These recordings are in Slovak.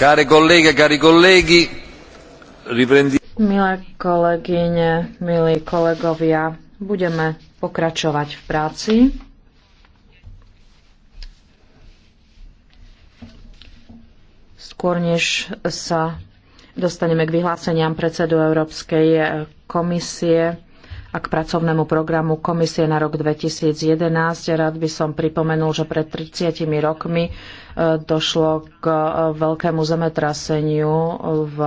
Care colleghe, cari colleghi, riprendi... Milé kolegyne, milí kolegovia, budeme pokračovať v práci. Skôr než sa dostaneme k vyhláseniam predsedu Európskej komisie, a k pracovnému programu Komisie na rok 2011. Rád by som pripomenul, že pred 30 rokmi e, došlo k e, veľkému zemetraseniu v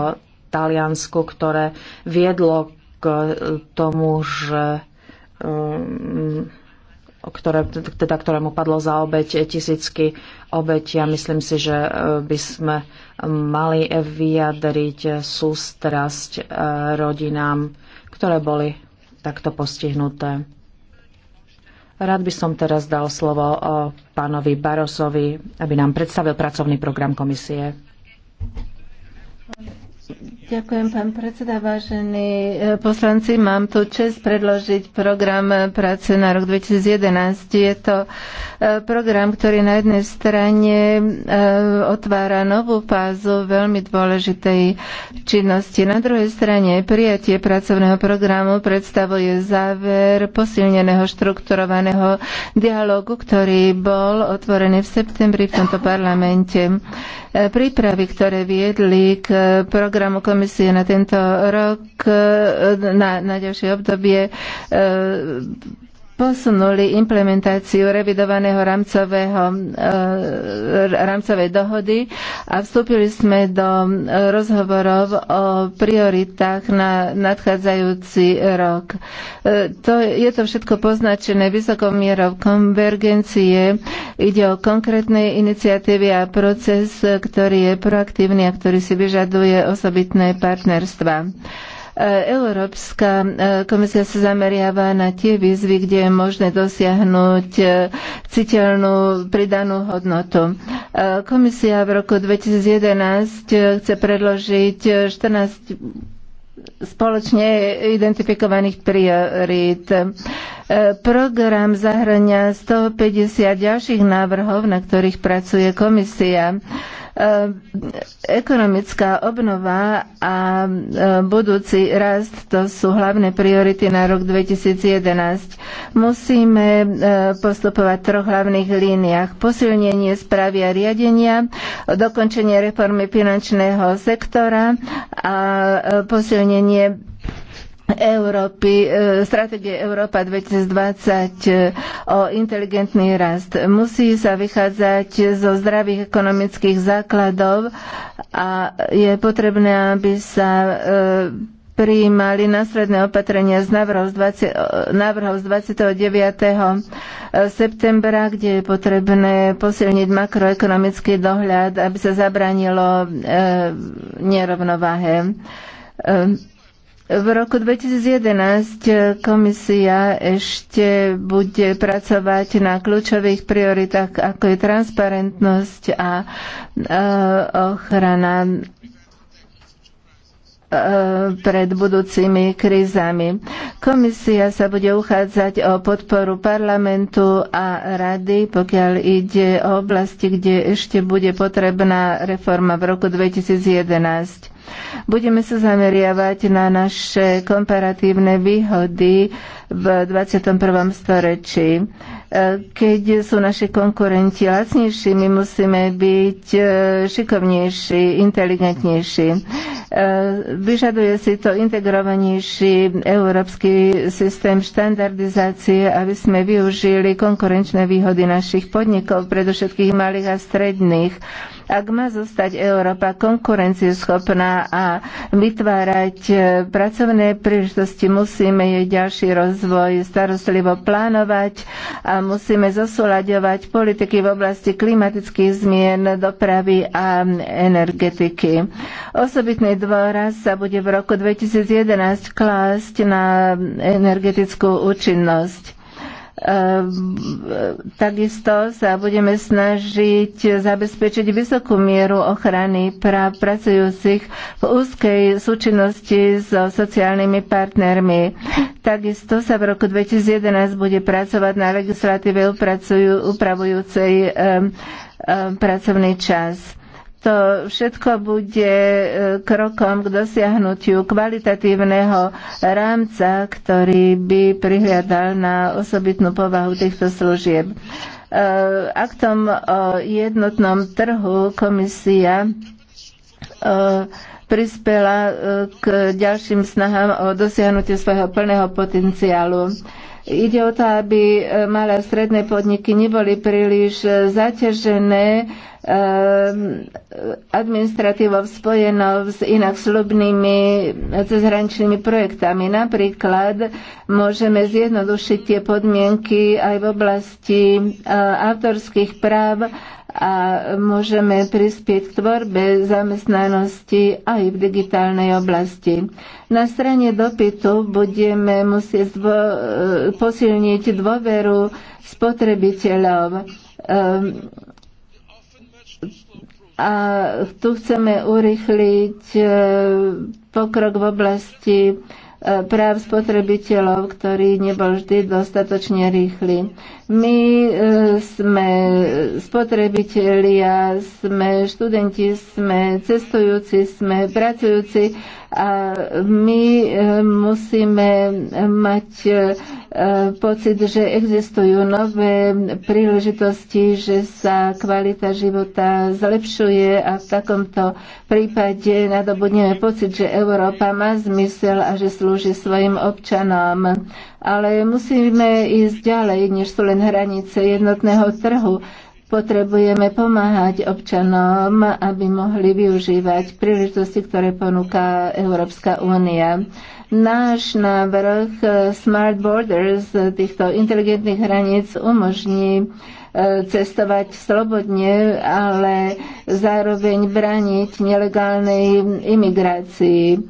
Taliansku, ktoré viedlo k e, tomu, že ktoré, teda, ktorému padlo za obeď tisícky obeď. Ja myslím si, že by sme mali vyjadriť sústrasť rodinám, ktoré boli takto postihnuté. Rád by som teraz dal slovo eh, pánovi Barosovi, aby nám predstavil pracovný program komisie. Ďakujem, pán predseda. Vážení e, poslanci, mám tu čest predložiť program práce na rok 2011. Je to e, program, ktorý na jednej strane e, otvára novú fázu veľmi dôležitej činnosti. Na druhej strane prijatie pracovného programu predstavuje záver posilneného štrukturovaného dialogu, ktorý bol otvorený v septembri v tomto parlamente. Prípravy, ktoré viedli k programu komisie na tento rok, na, na ďalšie obdobie e, posunuli implementáciu revidovaného rámcového, e, rámcovej dohody a vstúpili sme do rozhovorov o prioritách na nadchádzajúci rok. E, to, je to všetko poznačené vysokou mierou konvergencie. Ide o konkrétne iniciatívy a proces, ktorý je proaktívny a ktorý si vyžaduje osobitné partnerstva. Európska e, komisia sa zameriava na tie výzvy, kde je možné dosiahnuť e, citeľnú pridanú hodnotu. E, komisia v roku 2011 chce predložiť 14 spoločne identifikovaných priorít. E, program zahrania 150 ďalších návrhov, na ktorých pracuje komisia. E, ekonomická obnova a e, budúci rast to sú hlavné priority na rok 2011. Musíme postupovať v troch hlavných líniách. Posilnenie správy a riadenia, dokončenie reformy finančného sektora a posilnenie Európy, e, stratégie Európa 2020 e, o inteligentný rast. Musí sa vychádzať zo zdravých ekonomických základov a je potrebné, aby sa e, prijímali následné opatrenia z návrhov z, 20, návrhov z 29. septembra, kde je potrebné posilniť makroekonomický dohľad, aby sa zabránilo e, nerovnováhe. E, v roku 2011 komisia ešte bude pracovať na kľúčových prioritách, ako je transparentnosť a e, ochrana E, pred budúcimi krízami. Komisia sa bude uchádzať o podporu parlamentu a rady, pokiaľ ide o oblasti, kde ešte bude potrebná reforma v roku 2011. Budeme sa zameriavať na naše komparatívne výhody v 21. storočí. E, keď sú naši konkurenti lacnejší, my musíme byť e, šikovnejší, inteligentnejší. E, vyžaduje si to integrovanejší európsky systém štandardizácie, aby sme využili konkurenčné výhody našich podnikov, predovšetkých malých a stredných ak má zostať Európa konkurencieschopná a vytvárať e, pracovné príležitosti, musíme jej ďalší rozvoj starostlivo plánovať a musíme zosúľaďovať politiky v oblasti klimatických zmien, dopravy a energetiky. Osobitný dôraz sa bude v roku 2011 klásť na energetickú účinnosť. Ehm, takisto sa budeme snažiť zabezpečiť vysokú mieru ochrany práv pracujúcich v úzkej súčinnosti so sociálnymi partnermi. Takisto sa v roku 2011 bude pracovať na legislatíve upravujúcej ehm, ehm, pracovný čas to všetko bude e, krokom k dosiahnutiu kvalitatívneho rámca, ktorý by prihliadal na osobitnú povahu týchto služieb. E, aktom o jednotnom trhu komisia e, prispela k ďalším snahám o dosiahnutie svojho plného potenciálu. Ide o to, aby malé a stredné podniky neboli príliš zaťažené Ehm, administratívou spojenou s inak slubnými cezhraničnými projektami. Napríklad môžeme zjednodušiť tie podmienky aj v oblasti e, autorských práv a môžeme prispieť k tvorbe zamestnanosti aj v digitálnej oblasti. Na strane dopytu budeme musieť dvo, e, posilniť dôveru spotrebiteľov. Ehm, a tu chceme urychliť e, pokrok v oblasti e, práv spotrebiteľov, ktorý nebol vždy dostatočne rýchly. My e, sme spotrebitelia, sme študenti, sme cestujúci, sme pracujúci a my e, musíme mať e, pocit, že existujú nové príležitosti, že sa kvalita života zlepšuje a v takomto prípade nadobudneme pocit, že Európa má zmysel a že slúži svojim občanom ale musíme ísť ďalej, než sú len hranice jednotného trhu. Potrebujeme pomáhať občanom, aby mohli využívať príležitosti, ktoré ponúka Európska únia. Náš návrh Smart Borders týchto inteligentných hraníc umožní e, cestovať slobodne, ale zároveň braniť nelegálnej imigrácii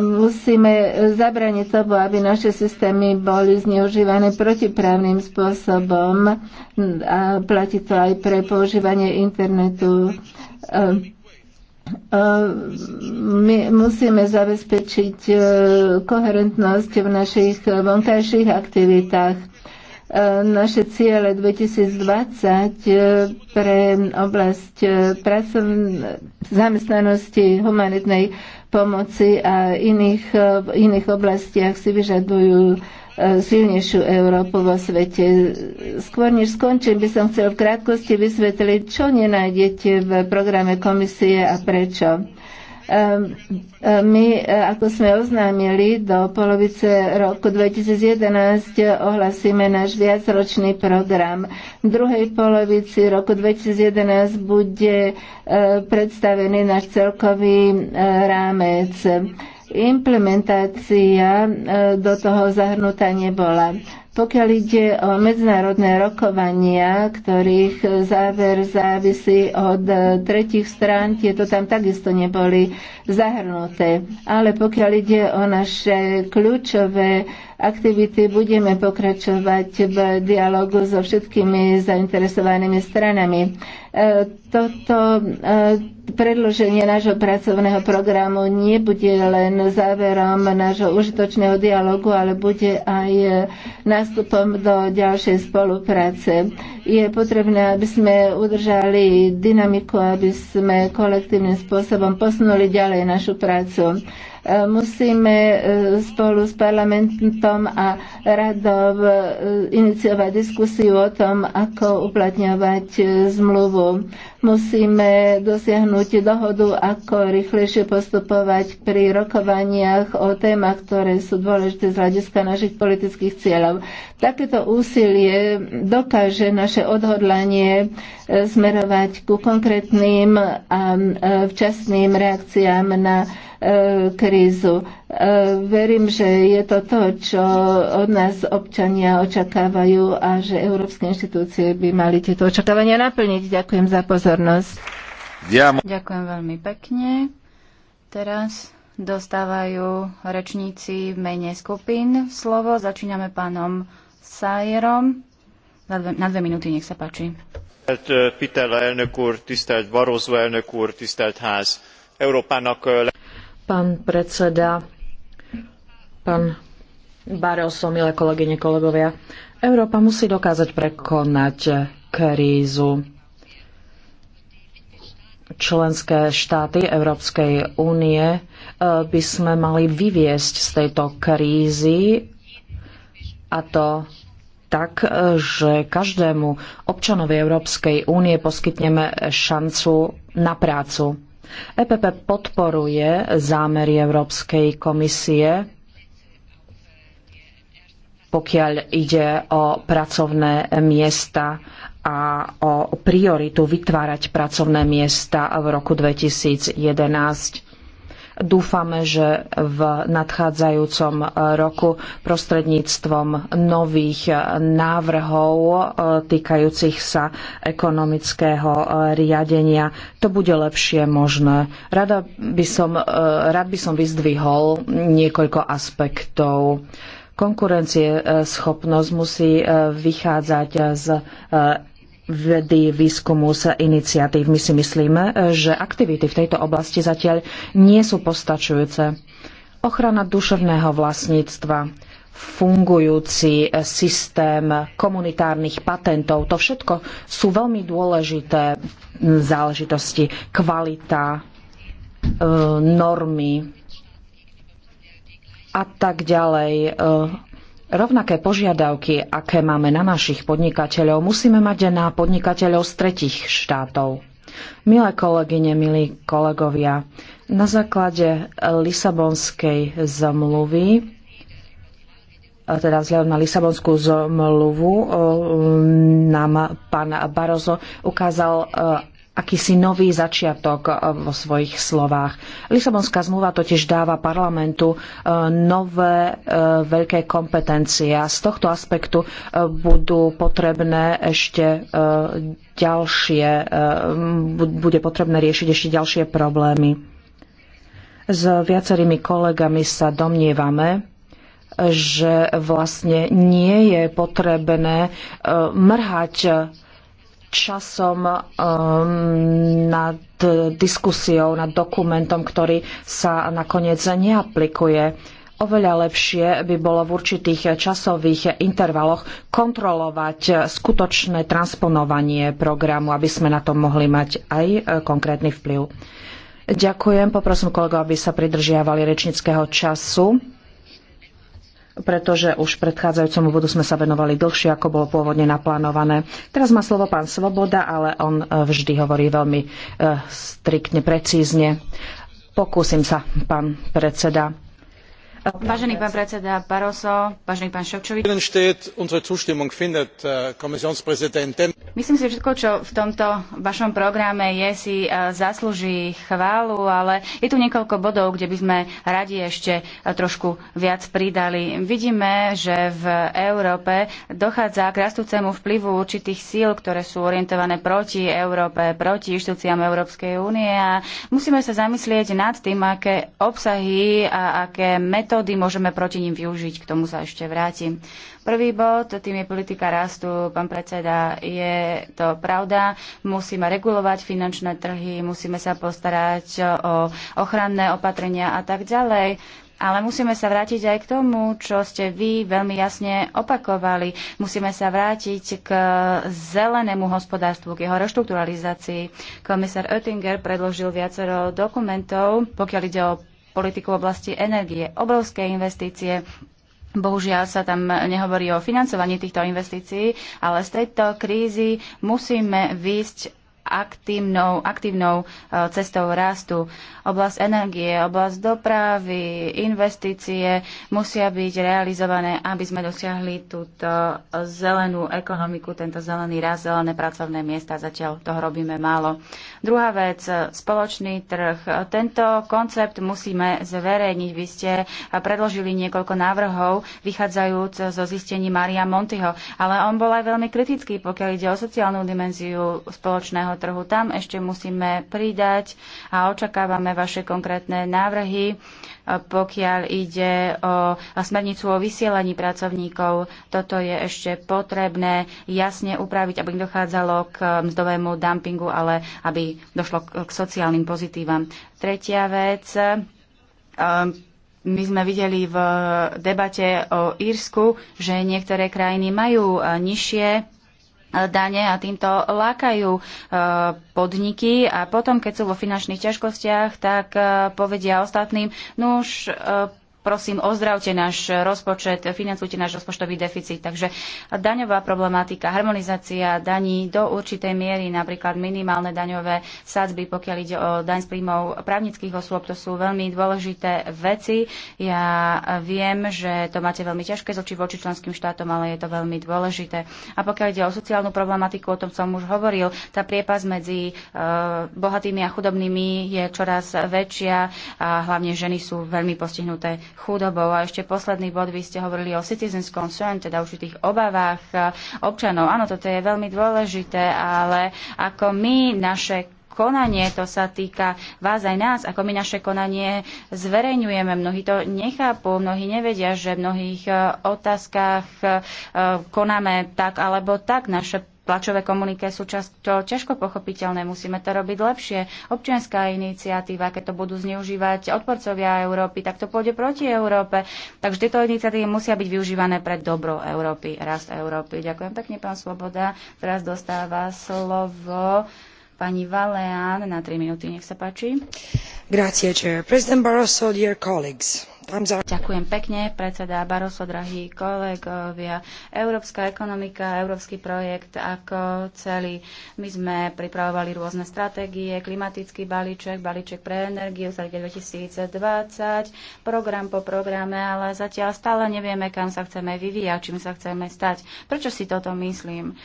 musíme zabraniť tomu, aby naše systémy boli zneužívané protiprávnym spôsobom a platí to aj pre používanie internetu. E, e, my musíme zabezpečiť e, koherentnosť v našich vonkajších aktivitách. Naše ciele 2020 pre oblasť pracovn- zamestnanosti humanitnej pomoci a iných, e, v iných oblastiach si vyžadujú e, silnejšiu Európu vo svete. Skôr než skončím, by som chcel v krátkosti vysvetliť, čo nenájdete v programe komisie a prečo. Ehm, ehm, my, e, ako sme oznámili, do polovice roku 2011 ohlasíme náš viacročný program. V druhej polovici roku 2011 bude e, predstavený náš celkový e, rámec. Implementácia do toho zahrnutá nebola. Pokiaľ ide o medzinárodné rokovania, ktorých záver závisí od e, tretich strán, tieto tam takisto neboli zahrnuté. Ale pokiaľ ide o naše kľúčové aktivity, budeme pokračovať v dialogu so všetkými zainteresovanými stranami. E, toto e, predloženie nášho pracovného programu nebude len záverom nášho užitočného dialogu, ale bude aj nástupom do ďalšej spolupráce je potrebné, aby sme udržali dynamiku, aby sme kolektívnym spôsobom posunuli ďalej našu prácu e, musíme e, spolu s parlamentom a radov e, iniciovať diskusiu o tom, ako uplatňovať zmluvu Musíme dosiahnuť dohodu, ako rýchlejšie postupovať pri rokovaniach o témach, ktoré sú dôležité z hľadiska našich politických cieľov. Takéto úsilie dokáže naše odhodlanie e, smerovať ku konkrétnym a e, včasným reakciám na E, krízu. E, verím, že je to to, čo od nás občania očakávajú a že európske inštitúcie by mali tieto očakávania naplniť. Ďakujem za pozornosť. Ďakujem veľmi pekne. Teraz dostávajú rečníci v mene skupín slovo. Začíname pánom Sajerom. Na dve, na dve minúty, nech sa páči. Tisztelt e, Pitella elnök úr, tisztelt Barroso elnök úr, tisztelt ház! Európának Pán predseda, pán Barroso, milé kolegyne, kolegovia, Európa musí dokázať prekonať krízu. Členské štáty Európskej únie eh, by sme mali vyviesť z tejto krízy a to tak, že každému občanovi Európskej únie poskytneme šancu na prácu. EPP podporuje zámery Európskej komisie pokiaľ ide o pracovné miesta a o prioritu vytvárať pracovné miesta v roku 2011. Dúfame, že v nadchádzajúcom e, roku prostredníctvom nových e, návrhov e, týkajúcich sa ekonomického riadenia to bude lepšie možné. Rada by som, rád by som vyzdvihol niekoľko aspektov konkurencieschopnosť musí vychádzať z vedy, výskumu, z iniciatív. My si myslíme, že aktivity v tejto oblasti zatiaľ nie sú postačujúce. Ochrana duševného vlastníctva, fungujúci systém komunitárnych patentov, to všetko sú veľmi dôležité záležitosti. Kvalita, e, normy a tak ďalej e, rovnaké požiadavky, aké máme na našich podnikateľov, musíme mať aj na podnikateľov z tretich štátov. Milé kolegyne, milí kolegovia, na základe Lisabonskej zmluvy teda vzhľadom na Lisabonskú zmluvu nám pán Barozo ukázal, akýsi nový začiatok eh, vo svojich slovách. Lisabonská zmluva totiž dáva parlamentu eh, nové eh, veľké kompetencie a z tohto aspektu budú potrebné ešte ďalšie, bude potrebné riešiť ešte ďalšie problémy. S viacerými kolegami sa domnievame, že vlastne nie je potrebné mrhať časom um, nad diskusiou, nad dokumentom, ktorý sa nakoniec neaplikuje oveľa lepšie by bolo v určitých časových intervaloch kontrolovať skutočné transponovanie programu, aby sme na to mohli mať aj e, konkrétny vplyv. Ďakujem, poprosím kolegov, aby sa pridržiavali rečnického času pretože už predchádzajúcemu bodu sme sa venovali dlhšie, ako bolo pôvodne naplánované. Teraz má slovo pán Svoboda, ale on e, vždy hovorí veľmi e, striktne, precízne. Pokúsim sa, pán predseda. Vážený pán predseda Paroso, vážený pán Šovčovič. Myslím si, že všetko, čo v tomto vašom programe je, si e, zaslúži chválu, ale je tu niekoľko bodov, kde by sme radi ešte e, trošku viac pridali. Vidíme, že v Európe dochádza k rastúcemu vplyvu určitých síl, ktoré sú orientované proti Európe, proti inštitúciám Európskej únie a musíme sa zamyslieť nad tým, aké obsahy a aké metódy môžeme proti ním využiť. K tomu sa ešte vrátim. Prvý bod, tým je politika rastu, pán predseda, je to pravda. Musíme regulovať finančné trhy, musíme sa postarať o ochranné opatrenia a tak ďalej. Ale musíme sa vrátiť aj k tomu, čo ste vy veľmi jasne opakovali. Musíme sa vrátiť k zelenému hospodárstvu, k jeho reštrukturalizácii. Komisár Oettinger predložil viacero dokumentov, pokiaľ ide o politiku v oblasti energie, obrovské investície, Bohužiaľ sa tam nehovorí o financovaní týchto investícií, ale z tejto krízy musíme výjsť aktívnou, aktívnou e, cestou rastu. Oblasť energie, oblasť dopravy, investície musia byť realizované, aby sme dosiahli túto zelenú ekonomiku, tento zelený rast, zelené pracovné miesta. Zatiaľ toho robíme málo. Druhá vec, spoločný trh. Tento koncept musíme zverejniť. Vy ste predložili niekoľko návrhov, vychádzajúc zo zistení Maria Montyho, ale on bol aj veľmi kritický, pokiaľ ide o sociálnu dimenziu spoločného trhu. Tam ešte musíme pridať a očakávame vaše konkrétne návrhy, e, pokiaľ ide o smernicu o vysielaní pracovníkov. Toto je ešte potrebné jasne upraviť, aby nedochádzalo k mzdovému dumpingu, ale aby došlo k sociálnym pozitívam. Tretia vec e, my sme videli v debate o Írsku, že niektoré krajiny majú e, nižšie dane a týmto lákajú e, podniky a potom, keď sú vo finančných ťažkostiach, tak e, povedia ostatným, no už e, prosím, ozdravte náš rozpočet, financujte náš rozpočtový deficit. Takže daňová problematika, harmonizácia daní do určitej miery, napríklad minimálne daňové sadzby, pokiaľ ide o daň z príjmov právnických osôb, to sú veľmi dôležité veci. Ja viem, že to máte veľmi ťažké z voči členským štátom, ale je to veľmi dôležité. A pokiaľ ide o sociálnu problematiku, o tom som už hovoril, tá priepas medzi e, bohatými a chudobnými je čoraz väčšia a hlavne ženy sú veľmi postihnuté chudobou. A ešte posledný bod, vy ste hovorili o citizens concern, teda určitých obavách e, občanov. Áno, toto je veľmi dôležité, ale ako my naše konanie, to sa týka vás aj nás, ako my naše konanie zverejňujeme. Mnohí to nechápu, mnohí nevedia, že v mnohých e, otázkach e, konáme tak alebo tak. Naše Tlačové komuniké sú často ťažko pochopiteľné, musíme to robiť lepšie. Občianská iniciatíva, keď to budú zneužívať odporcovia Európy, tak to pôjde proti Európe. Takže tieto iniciatívy musia byť využívané pre dobro Európy, rast Európy. Ďakujem pekne, pán Svoboda. Teraz dostáva slovo pani Valeán na 3 minúty, nech sa páči. Grazie, Chair. President Barroso, dear colleagues. Ďakujem pekne, predseda Baroso, drahí kolegovia. Európska ekonomika, európsky projekt ako celý. My sme pripravovali rôzne stratégie, klimatický balíček, balíček pre energiu za 2020, program po programe, ale zatiaľ stále nevieme, kam sa chceme vyvíjať, čím sa chceme stať. Prečo si toto myslím?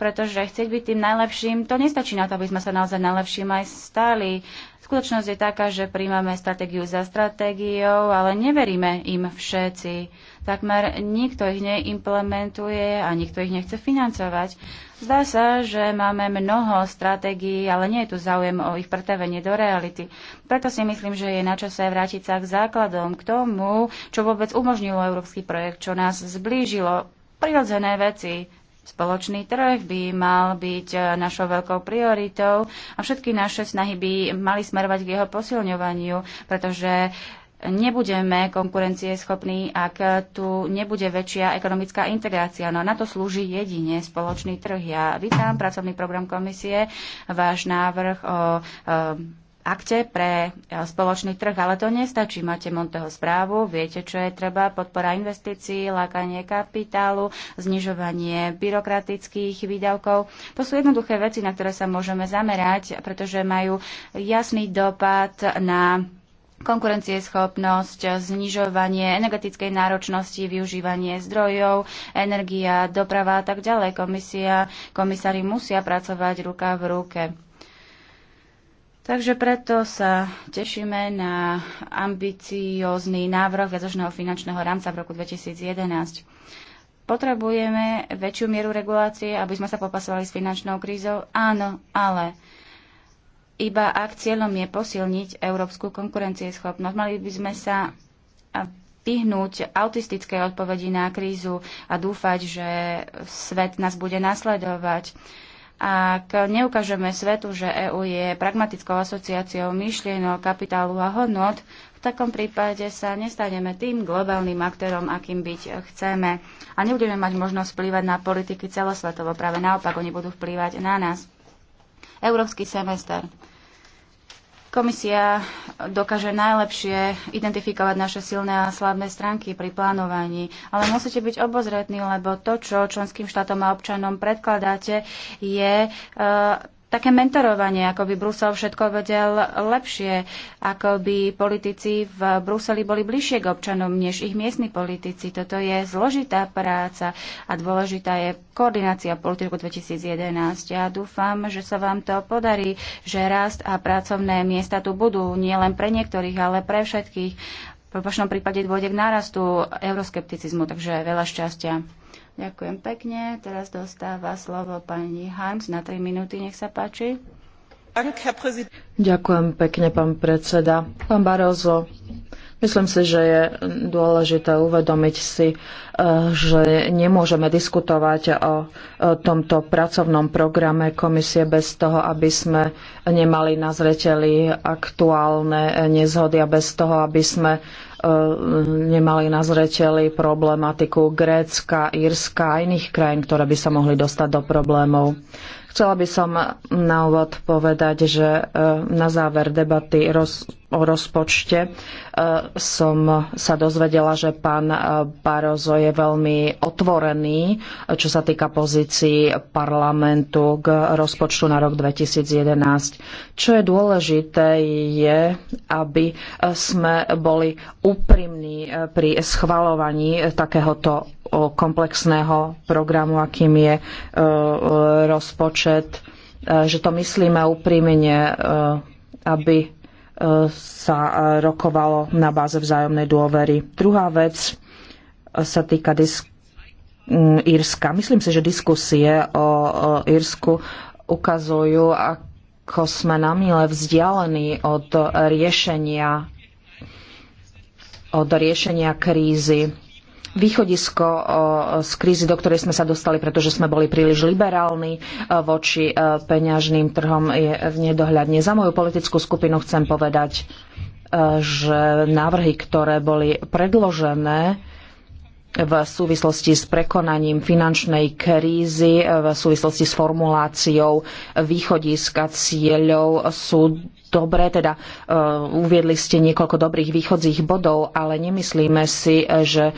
pretože chcieť byť tým najlepším, to nestačí na to, aby sme sa naozaj najlepším aj stali. Skutočnosť je taká, že príjmame stratégiu za stratégiou, ale neveríme im všetci. Takmer nikto ich neimplementuje a nikto ich nechce financovať. Zdá sa, že máme mnoho stratégií, ale nie je tu záujem o ich pretavenie do reality. Preto si myslím, že je na čase vrátiť sa k základom, k tomu, čo vôbec umožnilo európsky projekt, čo nás zblížilo. Prirodzené veci, Spoločný trh by mal byť e, našou veľkou prioritou a všetky naše snahy by mali smerovať k jeho posilňovaniu, pretože nebudeme konkurencieschopní, ak tu nebude väčšia ekonomická integrácia. No na to slúži jedine spoločný trh. Ja vítam pracovný program komisie, váš návrh o, o e, akte pre e, spoločný trh, ale to nestačí. Máte Monteho správu, viete, čo je treba, podpora investícií, lákanie kapitálu, znižovanie byrokratických výdavkov. To sú jednoduché veci, na ktoré sa môžeme zamerať, pretože majú jasný dopad na konkurencieschopnosť, znižovanie energetickej náročnosti, využívanie zdrojov, energia, doprava a tak ďalej. Komisia, komisári musia pracovať ruka v ruke. Takže preto sa tešíme na ambiciózny návrh viacročného finančného rámca v roku 2011. Potrebujeme väčšiu mieru regulácie, aby sme sa popasovali s finančnou krízou? Áno, ale iba ak cieľom je posilniť európsku konkurencieschopnosť. Mali by sme sa vyhnúť autistickej odpovedi na krízu a dúfať, že svet nás bude nasledovať. Ak neukážeme svetu, že EÚ je pragmatickou asociáciou myšlienok, kapitálu a hodnot, v takom prípade sa nestaneme tým globálnym aktérom, akým byť chceme. A nebudeme mať možnosť vplývať na politiky celosvetovo. Práve naopak, oni budú vplývať na nás. Európsky semester. Komisia dokáže najlepšie identifikovať naše silné a slabé stránky pri plánovaní, ale musíte byť obozretní, lebo to, čo členským štátom a občanom predkladáte, je e, také mentorovanie, ako by Brusel všetko vedel lepšie, ako by politici v Bruseli boli bližšie k občanom než ich miestni politici. Toto je zložitá práca a dôležitá je koordinácia politiku 2011. Ja dúfam, že sa vám to podarí, že rast a pracovné miesta tu budú nielen pre niektorých, ale pre všetkých. V vašom prípade dôjde k nárastu euroskepticizmu, takže veľa šťastia. Ďakujem pekne. Teraz dostáva slovo pani Hans na 3 minúty. Nech sa páči. Ďakujem pekne, pán predseda. Pán Barozo, myslím si, že je dôležité uvedomiť si, eh, že nemôžeme diskutovať o eh, tomto pracovnom programe komisie bez toho, aby sme nemali na zreteli aktuálne nezhody a bez toho, aby sme eh, E, nemali na zreteli problematiku Grécka, Írska a iných krajín, ktoré by sa mohli dostať do problémov. Chcela by som na úvod povedať, že e, na záver debaty roz o rozpočte e, som sa dozvedela, že pán e, Barozo je veľmi otvorený, e, čo sa týka pozícií parlamentu k rozpočtu na rok 2011. Čo je dôležité je, aby sme boli úprimní pri schvalovaní takéhoto komplexného programu, akým je rozpočet, že to myslíme úprimne, aby sa rokovalo na báze vzájomnej dôvery. Druhá vec sa týka disk- Írska. Myslím si, že diskusie o, o Írsku ukazujú, ako sme na mile vzdialení od riešenia, od riešenia krízy východisko z krízy, do ktorej sme sa dostali, pretože sme boli príliš liberálni e, voči e, peňažným trhom, je v nedohľadne. Za moju politickú skupinu chcem povedať, e, že návrhy, ktoré boli predložené, v súvislosti s prekonaním finančnej krízy, v súvislosti s formuláciou východiska cieľov sú dobre, teda e, uviedli ste niekoľko dobrých východzích bodov, ale nemyslíme si, že e,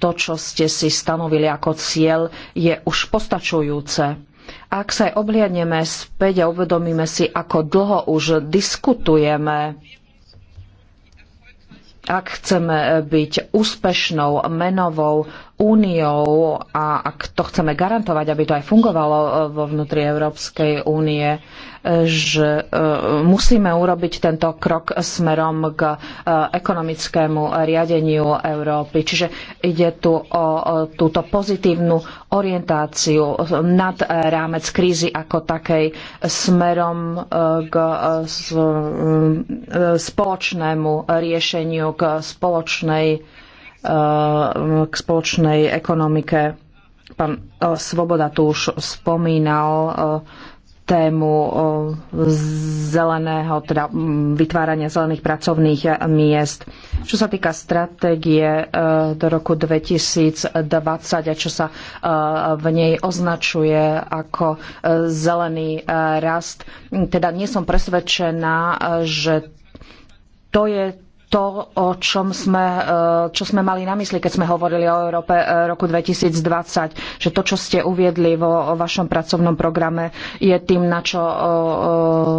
to, čo ste si stanovili ako cieľ, je už postačujúce. Ak sa aj obliadneme späť a uvedomíme si, ako dlho už diskutujeme ak chceme byť úspešnou menovou úniou a ak to chceme garantovať, aby to aj fungovalo e, vo vnútri Európskej únie, e, že e, musíme urobiť tento krok smerom k ekonomickému riadeniu Európy. Čiže ide tu o túto pozitívnu orientáciu nad rámec krízy ako takej smerom k spoločnému riešeniu, k spoločnej Eh, k spoločnej ekonomike. Pán eh, Svoboda tu už spomínal eh, tému zeleného, teda mm, vytvárania zelených pracovných miest. Čo sa týka stratégie do roku 2020 a čo sa v nej označuje ako zelený rast, teda nie som presvedčená, že to je to, o čom sme, e, čo sme mali na mysli, keď sme hovorili o Európe e, roku 2020, že to, čo ste uviedli vo vašom pracovnom programe, je tým, na čo,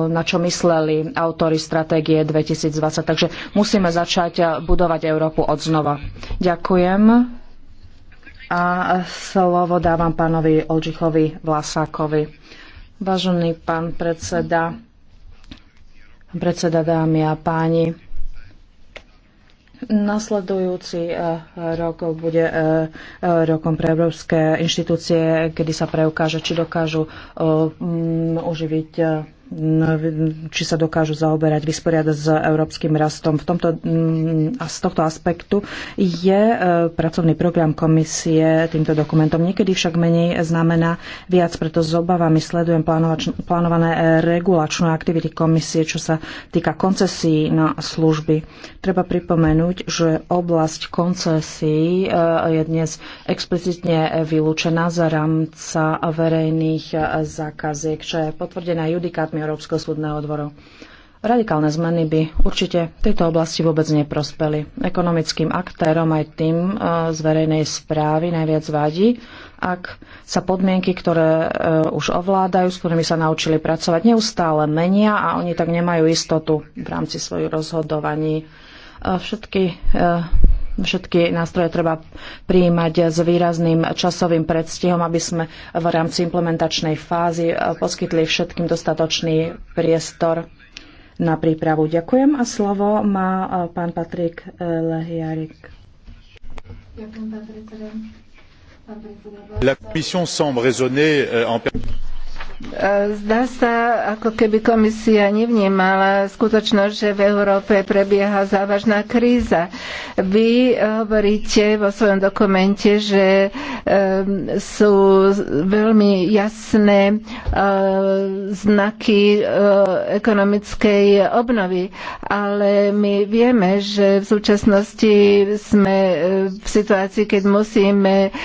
na čo mysleli autory stratégie 2020. Takže musíme začať e, budovať Európu od znova. Ďakujem. A slovo dávam pánovi Olžichovi Vlasákovi. Vážený pán predseda, predseda dámy a páni, Nasledujúci eh, rok bude eh, eh, rokom pre európske inštitúcie, kedy sa preukáže, či dokážu uživiť No, či sa dokážu zaoberať, vysporiadať s európskym rastom. V tomto, mm, a z tohto aspektu je e, pracovný program komisie týmto dokumentom. Niekedy však menej znamená viac, preto s obavami sledujem plánované e, regulačné aktivity komisie, čo sa týka koncesí na služby. Treba pripomenúť, že oblasť koncesí e, je dnes explicitne vylúčená za rámca verejných zákaziek, čo je potvrdená judikátmi Európskeho súdneho dvoru. Radikálne zmeny by určite v tejto oblasti vôbec neprospeli. Ekonomickým aktérom aj tým e, z verejnej správy najviac vadí, ak sa podmienky, ktoré e, už ovládajú, s ktorými sa naučili pracovať, neustále menia a oni tak nemajú istotu v rámci svojich rozhodovaní. E, všetky Všetky nástroje treba prijímať s výrazným časovým predstihom, aby sme v rámci implementačnej fázy eh, poskytli všetkým dostatočný priestor na prípravu. Ďakujem a slovo má eh, pán Patrik eh, Lehiarik. Ďakujem, pán predseda. Pán predseda. La commission semble raisonner en Zdá sa, ako keby komisia nevnímala skutočnosť, že v Európe prebieha závažná kríza. Vy hovoríte vo svojom dokumente, že sú veľmi jasné eh, znaky eh, ekonomickej obnovy, ale my vieme, že v súčasnosti sme eh, v situácii, keď musíme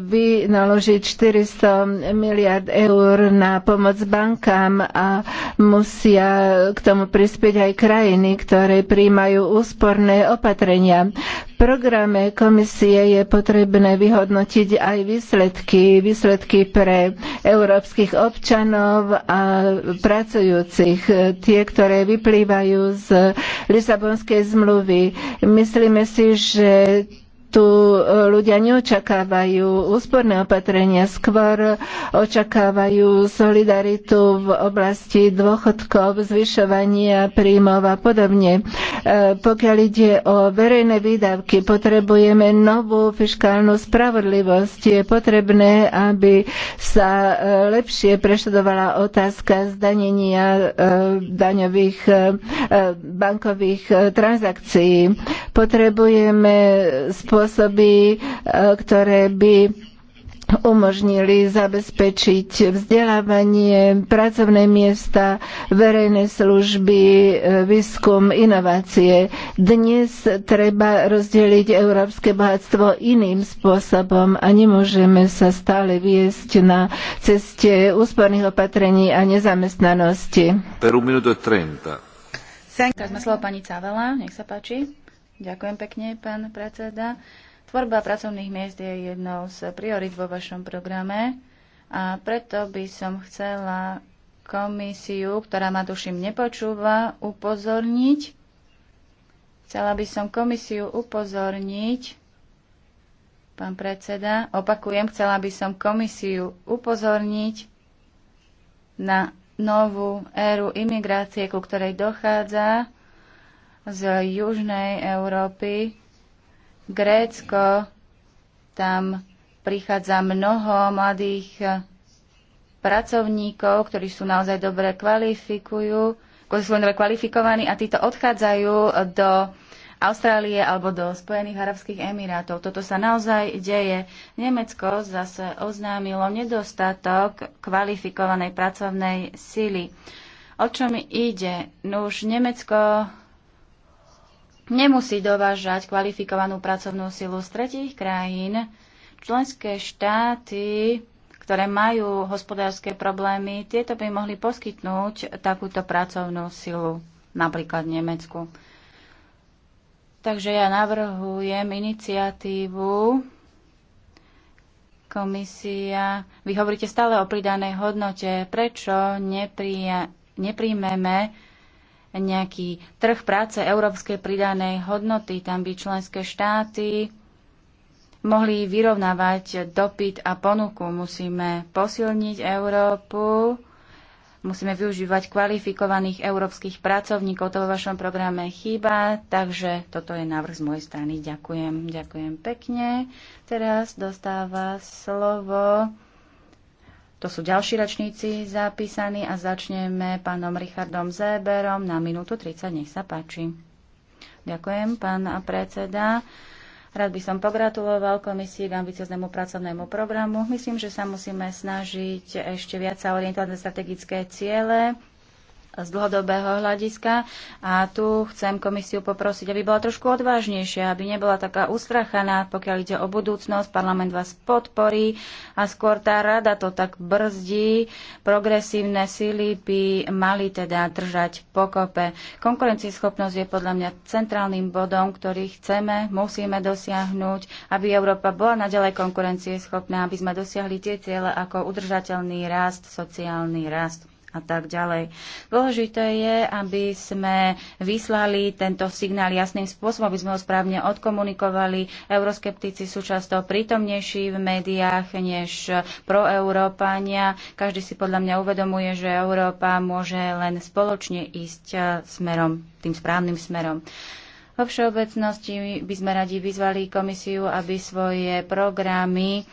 vynaložiť 400 miliard eur na pomoc bankám a musia k tomu prispieť aj krajiny, ktoré príjmajú úsporné opatrenia. V programe komisie je potrebné vyhodnotiť aj výsledky, výsledky pre európskych občanov a pracujúcich, tie, ktoré vyplývajú z Lisabonskej zmluvy. Myslíme si, že tu e, ľudia neočakávajú úsporné opatrenia, skôr očakávajú solidaritu v oblasti dôchodkov, zvyšovania príjmov a podobne. E, pokiaľ ide o verejné výdavky, potrebujeme novú fiskálnu spravodlivosť. Je potrebné, aby sa e, lepšie preštudovala otázka zdanenia daňových bankových transakcií. Potrebujeme spôsob spôsoby, e, ktoré by umožnili zabezpečiť vzdelávanie, pracovné miesta, verejné služby, e, výskum, inovácie. Dnes treba rozdeliť európske bohatstvo iným spôsobom a nemôžeme sa stále viesť na ceste úsporných opatrení a nezamestnanosti. Peru minuto 30. Ďakujem slovo pani Cavela, nech sa páči. Ďakujem pekne, pán predseda. Tvorba pracovných miest je jednou z priorit vo vašom programe a preto by som chcela komisiu, ktorá ma tuším nepočúva, upozorniť. Chcela by som komisiu upozorniť, pán predseda, opakujem, chcela by som komisiu upozorniť na novú éru imigrácie, ku ktorej dochádza z južnej Európy, Grécko, tam prichádza mnoho mladých pracovníkov, ktorí sú naozaj dobre kvalifikujú, ktorí sú dobre kvalifikovaní a títo odchádzajú do Austrálie alebo do Spojených Arabských Emirátov. Toto sa naozaj deje. Nemecko zase oznámilo nedostatok kvalifikovanej pracovnej sily. O čom ide? No už Nemecko nemusí dovážať kvalifikovanú pracovnú silu z tretích krajín. Členské štáty, ktoré majú hospodárske problémy, tieto by mohli poskytnúť takúto pracovnú silu, napríklad v Nemecku. Takže ja navrhujem iniciatívu komisia. Vy hovoríte stále o pridanej hodnote. Prečo nepríjmeme nejaký trh práce európskej pridanej hodnoty. Tam by členské štáty mohli vyrovnávať dopyt a ponuku. Musíme posilniť Európu, musíme využívať kvalifikovaných európskych pracovníkov. To vo vašom programe chýba, takže toto je návrh z mojej strany. Ďakujem, ďakujem pekne. Teraz dostáva slovo to sú ďalší rečníci zapísaní a začneme pánom Richardom Zéberom na minútu 30. Nech sa páči. Ďakujem, pán predseda. Rád by som pogratuloval komisii k ambicioznému pracovnému programu. Myslím, že sa musíme snažiť ešte viac sa orientovať na strategické ciele z dlhodobého hľadiska. A tu chcem komisiu poprosiť, aby bola trošku odvážnejšia, aby nebola taká ustrachaná, pokiaľ ide o budúcnosť. Parlament vás podporí a skôr tá rada to tak brzdí. Progresívne síly by mali teda držať pokope. Konkurencieschopnosť je podľa mňa centrálnym bodom, ktorý chceme, musíme dosiahnuť, aby Európa bola naďalej konkurencieschopná, aby sme dosiahli tie ciele ako udržateľný rast, sociálny rast a tak ďalej. Dôležité je, aby sme vyslali tento signál jasným spôsobom, aby sme ho správne odkomunikovali. Euroskeptici sú často prítomnejší v médiách než proeurópania. Každý si podľa mňa uvedomuje, že Európa môže len spoločne ísť e, smerom, tým správnym smerom. Vo všeobecnosti by sme radi vyzvali komisiu, aby svoje programy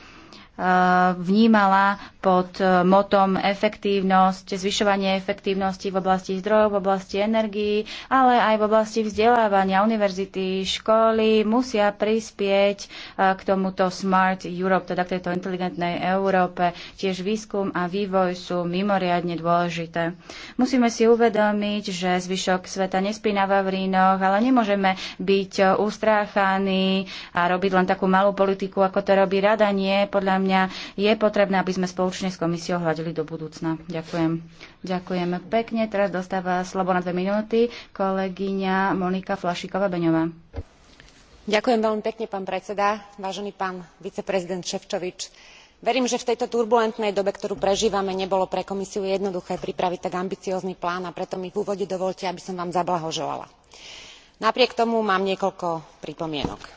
vnímala pod eh, motom efektívnosť, zvyšovanie efektívnosti v oblasti zdrojov, v oblasti energií, ale aj v oblasti vzdelávania. Univerzity, školy musia prispieť eh, k tomuto Smart Europe, teda k tejto inteligentnej Európe. Tiež výskum a vývoj sú mimoriadne dôležité. Musíme si uvedomiť, že zvyšok sveta nespí na Vavrínoch, ale nemôžeme byť eh, ustráchaní a robiť len takú malú politiku, ako to robí rada. Nie, podľa mňa mňa je potrebné, aby sme spoločne s komisiou hľadili do budúcna. Ďakujem. Ďakujem pekne. Teraz dostáva slovo na dve minúty kolegyňa Monika Flašiková beňová Ďakujem veľmi pekne, pán predseda, vážený pán viceprezident Ševčovič. Verím, že v tejto turbulentnej dobe, ktorú prežívame, nebolo pre komisiu jednoduché pripraviť tak ambiciózny plán a preto mi v úvode dovolte, aby som vám zablahoželala. Napriek tomu mám niekoľko pripomienok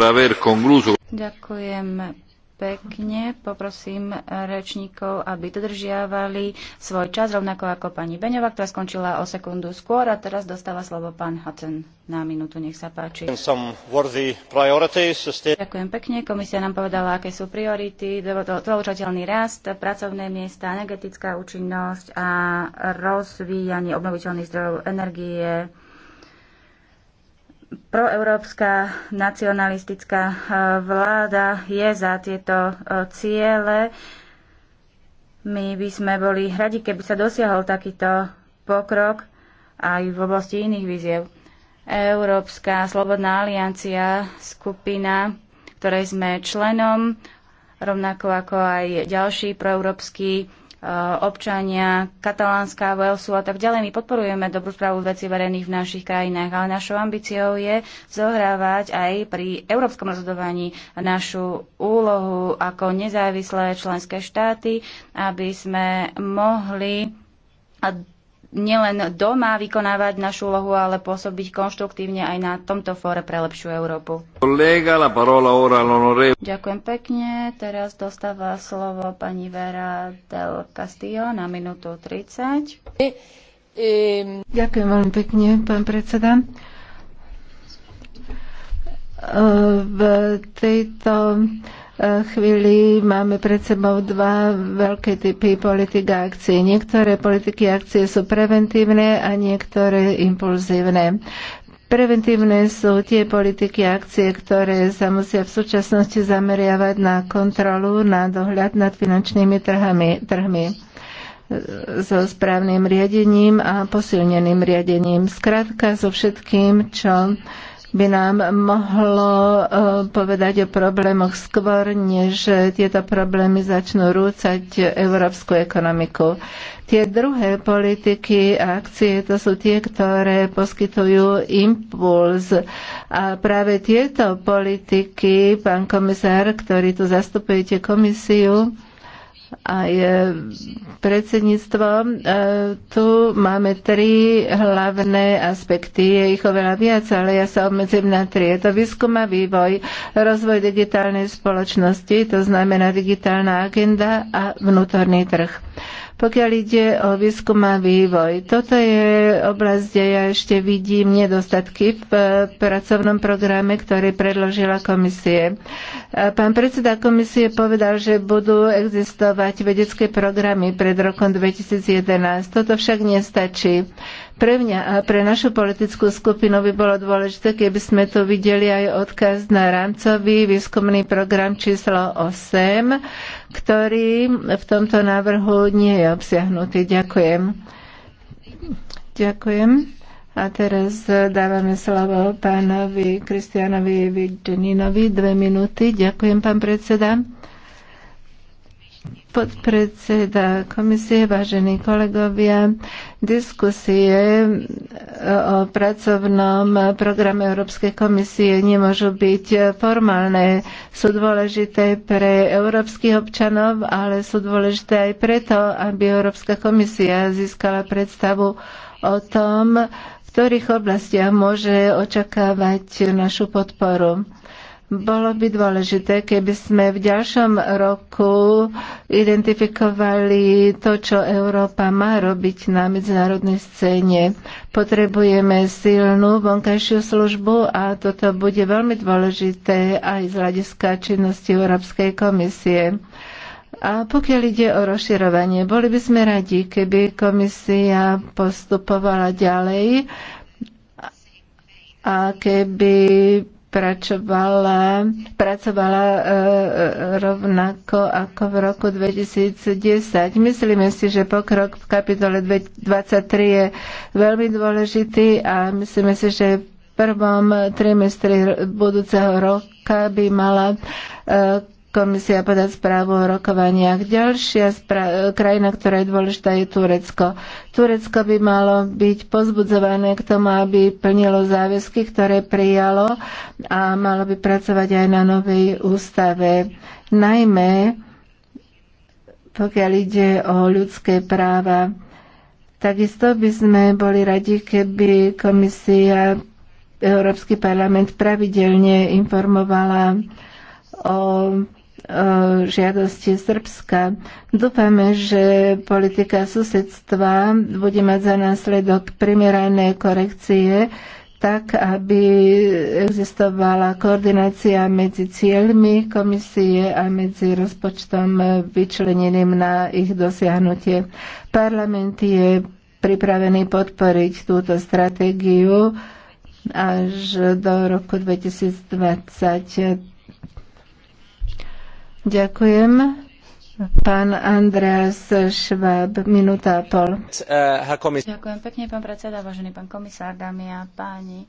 Ďakujem pekne. Poprosím rečníkov, aby dodržiavali svoj čas, rovnako ako pani Beňová, ktorá skončila o sekundu skôr a teraz dostáva slovo pán Hutton na minútu. Nech sa páči. Ďakujem pekne. Komisia nám povedala, aké sú priority, dlhoučateľný rast, pracovné miesta, energetická účinnosť a rozvíjanie obnoviteľných zdrojov energie proeurópska nacionalistická e, vláda je za tieto e, ciele. My by sme boli radi, keby sa dosiahol takýto pokrok aj v oblasti iných víziev. Európska slobodná aliancia, skupina, ktorej sme členom, rovnako ako aj ďalší proeurópsky Eh, občania Katalánska, Walesu a tak ďalej. My podporujeme dobrú správu veci verejných v našich krajinách, ale našou ambíciou je zohrávať aj pri európskom rozhodovaní našu úlohu ako nezávislé členské štáty, aby sme mohli nielen doma vykonávať našu úlohu, ale pôsobiť konštruktívne aj na tomto fóre pre lepšiu Európu. Kolega, la parola ora Ďakujem pekne. Teraz dostáva slovo pani Vera del Castillo na minútu 30. Ďakujem veľmi pekne, pán predseda. Ehm, v tejto chvíli máme pred sebou dva veľké typy politik a akcií. Niektoré politiky a akcie sú preventívne a niektoré impulzívne. Preventívne sú tie politiky a akcie, ktoré sa musia v súčasnosti zameriavať na kontrolu, na dohľad nad finančnými trhami, trhmi so správnym riadením a posilneným riadením. Skrátka so všetkým, čo uh, by nám mohlo eh, povedať o problémoch skôr, než tieto problémy začnú rúcať európsku ekonomiku. Tie druhé politiky a akcie to sú tie, ktoré poskytujú impuls. A práve tieto politiky, pán komisár, ktorý tu zastupujete komisiu, aj predsedníctvo. E, tu máme tri hlavné aspekty, je ich oveľa viac, ale ja sa obmedzím na tri. Je to výskum a vývoj, rozvoj digitálnej spoločnosti, to znamená digitálna agenda a vnútorný trh. Pokiaľ ide o výskum a vývoj, toto je oblasť, kde ja ešte vidím nedostatky v e, pracovnom programe, ktorý predložila komisie. E, pán predseda komisie povedal, že budú existovať vedecké programy pred rokom 2011. Toto však nestačí. Pre mňa a pre našu politickú skupinu by bolo dôležité, keby sme tu videli aj odkaz na rámcový výskumný program číslo 8, ktorý v tomto návrhu nie je obsiahnutý. Ďakujem. Ďakujem. A teraz dávame slovo pánovi Kristianovi Vigeninovi. Dve minúty. Ďakujem, pán predseda podpredseda komisie, vážení kolegovia, diskusie o pracovnom programe Európskej komisie nemôžu byť formálne. Sú dôležité pre európskych občanov, ale sú dôležité aj preto, aby Európska komisia získala predstavu o tom, v ktorých oblastiach môže očakávať našu podporu. Bolo by dôležité, keby sme v ďalšom roku identifikovali to, čo Európa má robiť na medzinárodnej scéne. Potrebujeme silnú vonkajšiu službu a toto bude veľmi dôležité aj z hľadiska činnosti Európskej komisie. A pokiaľ ide o rozširovanie, boli by sme radi, keby komisia postupovala ďalej a keby pracovala, pracovala e, e, rovnako ako v roku 2010. Myslíme si, že pokrok v kapitole 23 je veľmi dôležitý a myslíme si, že v prvom trimestri budúceho roka by mala e, komisia podať správu o rokovaniach. Ďalšia krajina, ktorá je dôležitá, je Turecko. Turecko by malo byť pozbudzované k tomu, aby plnilo záväzky, ktoré prijalo a malo by pracovať aj na novej ústave. Najmä pokiaľ ide o ľudské práva. Takisto by sme boli radi, keby komisia Európsky parlament pravidelne informovala o žiadosti Srbska. Dúfame, že politika susedstva bude mať za následok primerané korekcie, tak, aby existovala koordinácia medzi cieľmi komisie a medzi rozpočtom vyčleneným na ich dosiahnutie. Parlament je pripravený podporiť túto stratégiu až do roku 2020 Ďakujem. Pán Andreas Šváb, minúta a pol. Ďakujem pekne, pán predseda, vážený pán komisár, dámy a páni.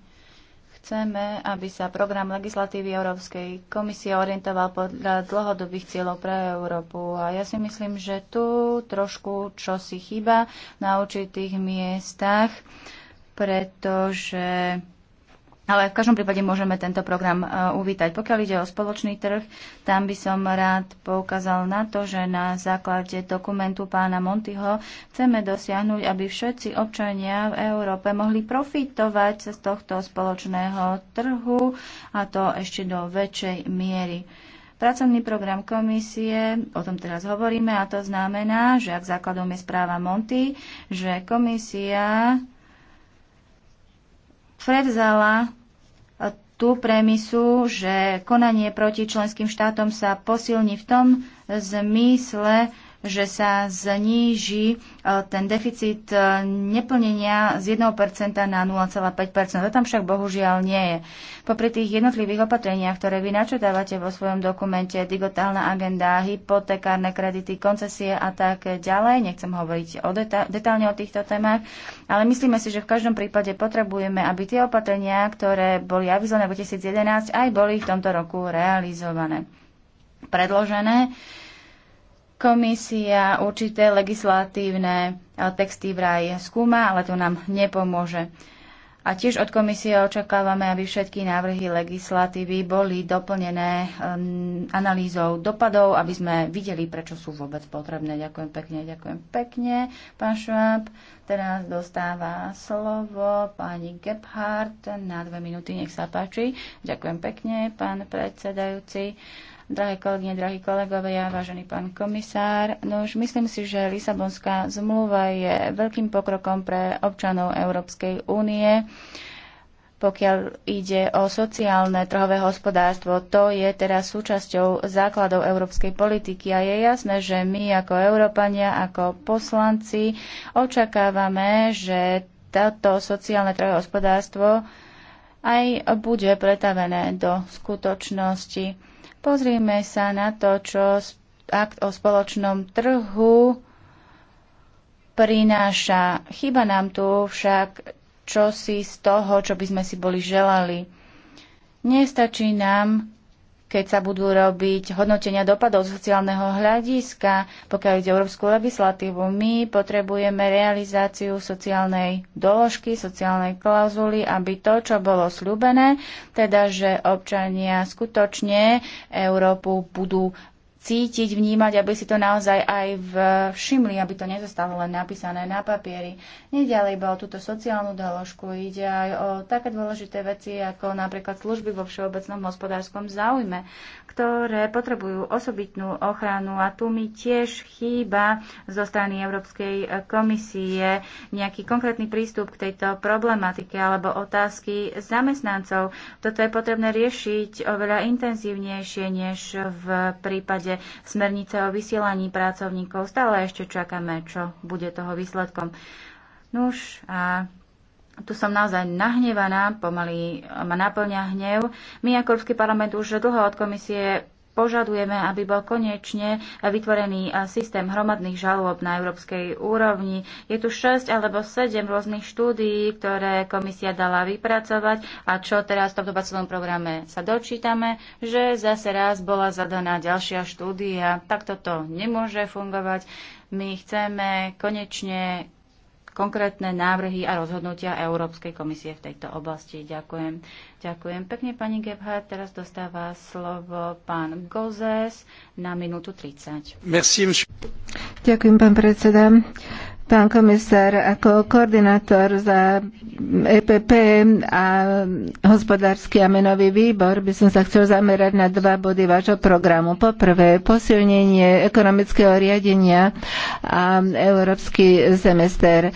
Chceme, aby sa program legislatívy Európskej komisie orientoval podľa dlhodobých cieľov pre Európu. A ja si myslím, že tu trošku čo si chýba na určitých miestach, pretože ale v každom prípade môžeme tento program e, uvítať. Pokiaľ ide o spoločný trh, tam by som rád poukázal na to, že na základe dokumentu pána Montyho chceme dosiahnuť, aby všetci občania v Európe mohli profitovať z tohto spoločného trhu a to ešte do väčšej miery. Pracovný program komisie, o tom teraz hovoríme, a to znamená, že ak základom je správa Monty, že komisia prevzala tú premisu, že konanie proti členským štátom sa posilní v tom zmysle, že sa zníži e, ten deficit e, neplnenia z 1% na 0,5%. To tam však bohužiaľ nie je. Popri tých jednotlivých opatreniach, ktoré vy načetávate vo svojom dokumente, digitálna agenda, hypotekárne kredity, koncesie a tak ďalej, nechcem hovoriť o deta- detálne o týchto témach, ale myslíme si, že v každom prípade potrebujeme, aby tie opatrenia, ktoré boli avizované v 2011, aj boli v tomto roku realizované predložené. Komisia určité legislatívne eh, texty vraj skúma, ale to nám nepomôže. A tiež od komisie očakávame, aby všetky návrhy legislatívy boli doplnené ehm, analýzou dopadov, aby sme videli, prečo sú vôbec potrebné. Ďakujem pekne, ďakujem pekne, pán Šváb. Teraz dostáva slovo pani Gebhardt na dve minúty, nech sa páči. Ďakujem pekne, pán predsedajúci. Uh, Drahé kolegyne, drahí kolegovia, vážený pán komisár, no už myslím si, že Lisabonská zmluva je veľkým pokrokom pre občanov Európskej únie pokiaľ ide o sociálne trhové hospodárstvo. To je teraz súčasťou základov európskej politiky a je jasné, že my ako Európania, ako poslanci očakávame, že toto sociálne trhové hospodárstvo aj bude pretavené do skutočnosti. Pozrieme sa na to, čo akt o spoločnom trhu prináša. Chyba nám tu však čosi z toho, čo by sme si boli želali. Nestačí nám keď sa budú robiť hodnotenia dopadov sociálneho hľadiska, pokiaľ ide európsku legislatívu. My potrebujeme realizáciu sociálnej doložky, sociálnej klauzuly, aby to, čo bolo slúbené, teda že občania skutočne Európu budú cítiť, vnímať, aby si to naozaj aj všimli, aby to nezostalo len napísané na papieri. Neďalej iba o túto sociálnu doložku, ide aj o také dôležité veci, ako napríklad služby vo všeobecnom hospodárskom záujme ktoré potrebujú osobitnú ochranu a tu mi tiež chýba zo strany Európskej komisie nejaký konkrétny prístup k tejto problematike alebo otázky zamestnancov. Toto je potrebné riešiť oveľa intenzívnejšie než v prípade smernice o vysielaní pracovníkov. Stále ešte čakáme, čo bude toho výsledkom. Nuž a tu som naozaj nahnevaná, pomaly ma naplňa hnev. My ako Európsky parlament už dlho od komisie požadujeme, aby bol konečne vytvorený systém hromadných žalôb na európskej úrovni. Je tu 6 alebo 7 rôznych štúdií, ktoré komisia dala vypracovať a čo teraz v tomto pracovnom programe sa dočítame, že zase raz bola zadaná ďalšia štúdia. Takto to nemôže fungovať. My chceme konečne konkrétne návrhy a rozhodnutia Európskej komisie v tejto oblasti. Ďakujem. Ďakujem pekne, pani Gebhardt. Teraz dostáva slovo pán Gozes na minútu 30. Merci, Ďakujem, pán predseda. Pán komisár, ako koordinátor za EPP a hospodársky a menový výbor by som sa chcel zamerať na dva body vášho programu. Poprvé, posilnenie ekonomického riadenia a európsky semester. E,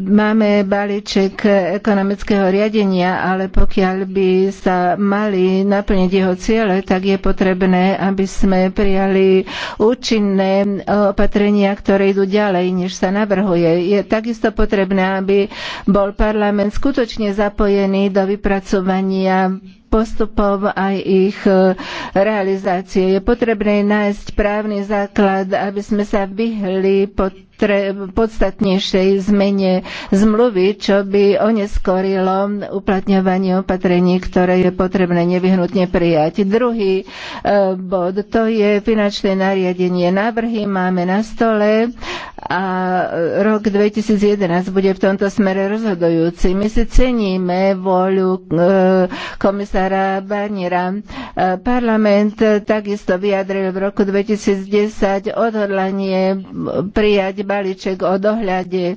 máme balíček ekonomického riadenia, ale pokiaľ by sa mali naplniť jeho ciele, tak je potrebné, aby sme prijali účinné opatrenia, ktoré idú ďalej, než sa navrhuje. Je takisto potrebné, aby bol parlament skutočne zapojený do vypracovania postupov aj ich e, realizácie. Je potrebné nájsť právny základ, aby sme sa vyhli pod podstatnejšej zmene zmluvy, čo by oneskorilo uplatňovanie opatrení, ktoré je potrebné nevyhnutne prijať. Druhý e, bod to je finančné nariadenie. Návrhy máme na stole a rok 2011 bude v tomto smere rozhodujúci. My si ceníme voľu e, komisára Barniera. E, parlament takisto vyjadril v roku 2010 odhodlanie prijať balíček o dohľade. E,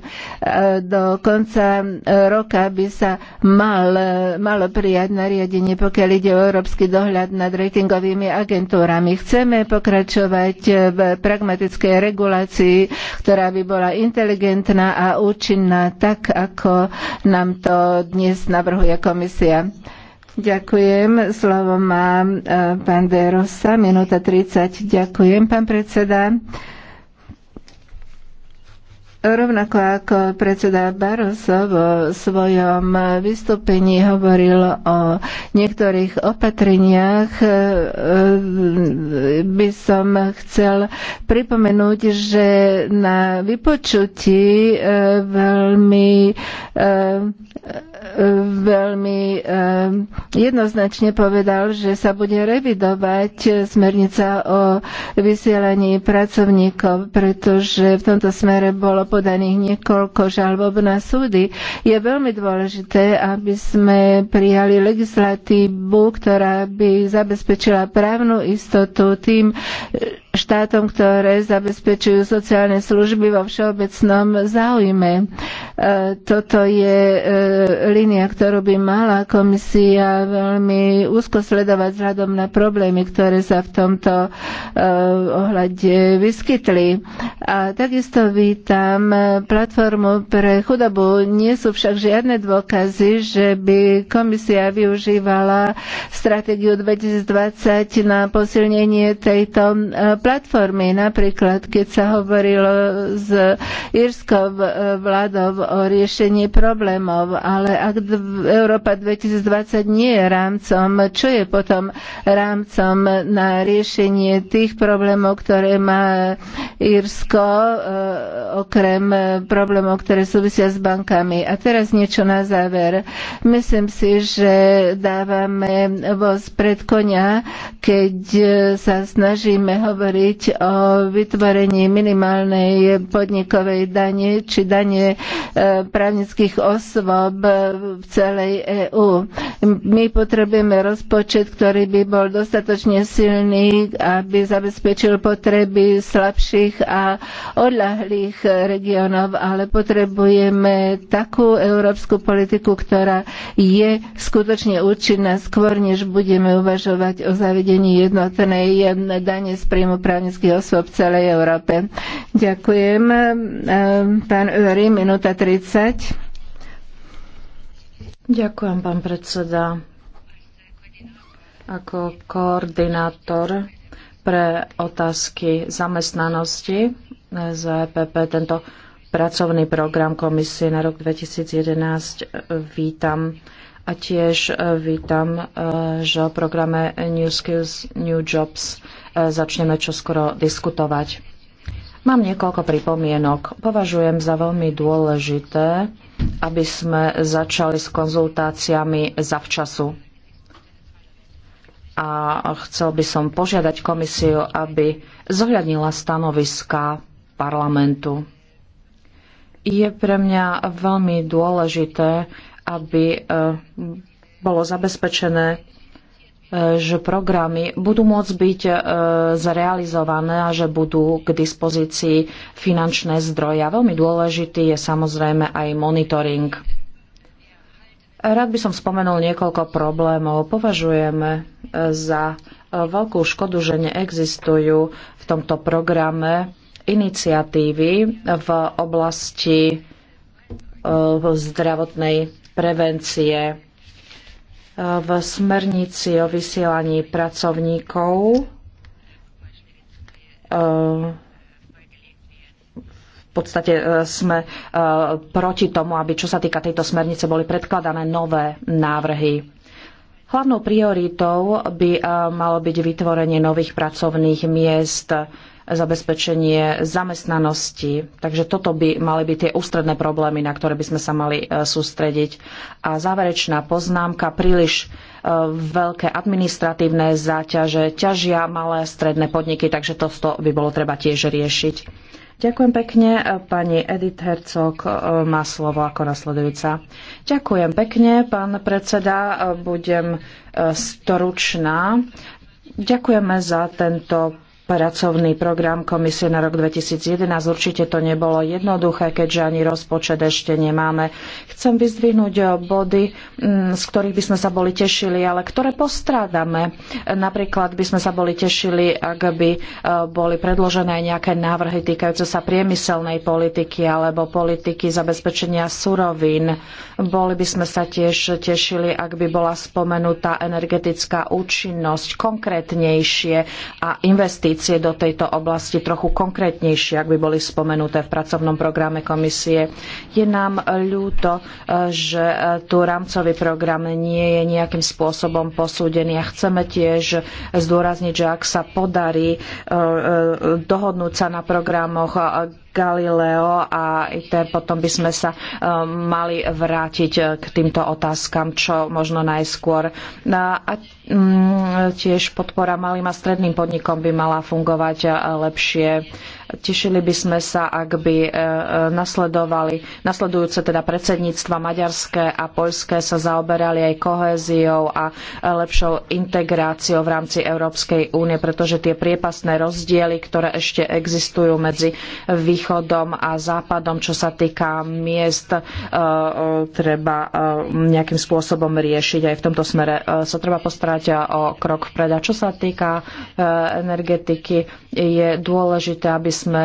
do konca e, roka by sa mal, e, malo prijať nariadenie, pokiaľ ide o európsky dohľad nad ratingovými agentúrami. Chceme pokračovať v pragmatickej regulácii, ktorá by bola inteligentná a účinná, tak ako nám to dnes navrhuje komisia. Ďakujem. Slovo má pán Derosa, minúta 30. Ďakujem, pán predseda. Rovnako ako predseda Barroso vo svojom vystúpení hovoril o niektorých opatreniach, e, by som chcel pripomenúť, že na vypočutí e, veľmi e, veľmi eh, jednoznačne povedal, že sa bude revidovať smernica o vysielaní pracovníkov, pretože v tomto smere bolo podaných niekoľko žalob na súdy. Je veľmi dôležité, aby sme prijali legislatívu, ktorá by zabezpečila právnu istotu tým, štátom, ktoré zabezpečujú sociálne služby vo všeobecnom záujme. E, toto je e, línia, ktorú by mala komisia veľmi úzko sledovať vzhľadom na problémy, ktoré sa v tomto e, ohľade vyskytli. A takisto vítam platformu pre chudobu. Nie sú však žiadne dôkazy, že by komisia využívala stratégiu 2020 na posilnenie tejto platformy. Napríklad, keď sa hovorilo s írskou vládou o riešení problémov, ale ak Európa 2020 nie je rámcom, čo je potom rámcom na riešenie tých problémov, ktoré má Írsko, e, okrem problémov, ktoré súvisia s bankami. A teraz niečo na záver. Myslím si, že dávame voz pred konia, keď e, sa snažíme hovoriť hovoriť o vytvorení minimálnej podnikovej dane či dane e, právnických osôb e, v celej EÚ. My potrebujeme rozpočet, ktorý by bol dostatočne silný, aby zabezpečil potreby slabších a odľahlých regiónov, ale potrebujeme takú európsku politiku, ktorá je skutočne účinná skôr, než budeme uvažovať o zavedení jednotnej dane z príjmu záujmu právnických osôb v celej Európe. Ďakujem. Ehm, pán Uri, minúta 30. Ďakujem, pán predseda. Ako koordinátor pre otázky zamestnanosti za EPP tento pracovný program komisie na rok 2011 vítam a tiež vítam, eh, že o programe New Skills, New Jobs začneme čoskoro diskutovať. Mám niekoľko pripomienok. Považujem za veľmi dôležité, aby sme začali s konzultáciami zavčasu. A chcel by som požiadať komisiu, aby zohľadnila stanoviska parlamentu. Je pre mňa veľmi dôležité, aby eh, bolo zabezpečené že programy budú môcť byť e, zrealizované a že budú k dispozícii finančné zdroje. A veľmi dôležitý je samozrejme aj monitoring. Rád by som spomenul niekoľko problémov. Považujeme e, za e, veľkú škodu, že neexistujú v tomto programe iniciatívy v oblasti zdravotnej prevencie v smernici o vysielaní pracovníkov eh, v podstate eh, sme eh, proti tomu, aby čo sa týka tejto smernice boli predkladané nové návrhy. Hlavnou prioritou by malo byť vytvorenie nových pracovných miest zabezpečenie zamestnanosti. Takže toto by mali byť tie ústredné problémy, na ktoré by sme sa mali e, sústrediť. A záverečná poznámka, príliš e, veľké administratívne záťaže ťažia malé a stredné podniky, takže toto by bolo treba tiež riešiť. Ďakujem pekne. E, pani Edith Hercog má slovo ako nasledujúca. Ďakujem pekne, pán predseda. Budem storučná. Ďakujeme za tento pracovný program komisie na rok 2011. Určite to nebolo jednoduché, keďže ani rozpočet ešte nemáme. Chcem vyzdvihnúť body, mm, z ktorých by sme sa boli tešili, ale ktoré postrádame. Napríklad by sme sa boli tešili, ak by e, boli predložené nejaké návrhy týkajúce sa priemyselnej politiky alebo politiky zabezpečenia surovín. Boli by sme sa tiež tešili, ak by bola spomenutá energetická účinnosť konkrétnejšie a investície ambície do tejto oblasti trochu konkrétnejšie, ak by boli spomenuté v pracovnom programe komisie. Je nám ľúto, e, že e, tu rámcový program nie je nejakým spôsobom posúdený a chceme tiež zdôrazniť, že ak sa podarí e, dohodnúť sa na programoch Galileo a te potom by sme sa um, mali vrátiť uh, k týmto otázkam, čo možno najskôr. No, a mm, tiež podpora malým a stredným podnikom by mala fungovať uh, lepšie. Tešili by sme sa, ak by uh, nasledovali, nasledujúce teda predsedníctva maďarské a poľské sa zaoberali aj kohéziou a lepšou integráciou v rámci Európskej únie, pretože tie priepasné rozdiely, ktoré ešte existujú medzi východnými východom a západom, čo sa týka miest, e, e, treba e, nejakým spôsobom riešiť. Aj v tomto smere sa treba postarať o krok vpred. A čo sa týka energetiky, je dôležité, aby sme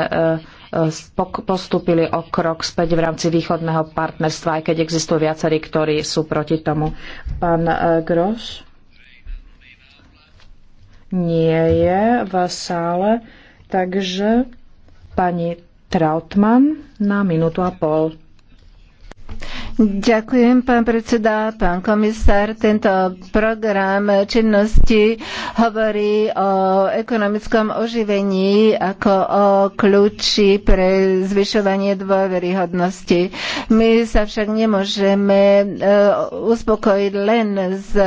postúpili o krok späť v rámci východného partnerstva, aj keď existujú viacerí, ktorí sú proti tomu. Pán Groš? Nie je v sále, takže pani Trautmann na minútu a pol. Ďakujem, pán predseda, pán komisár. Tento program činnosti hovorí o ekonomickom oživení ako o kľúči pre zvyšovanie dôveryhodnosti. My sa však nemôžeme e, uspokojiť len s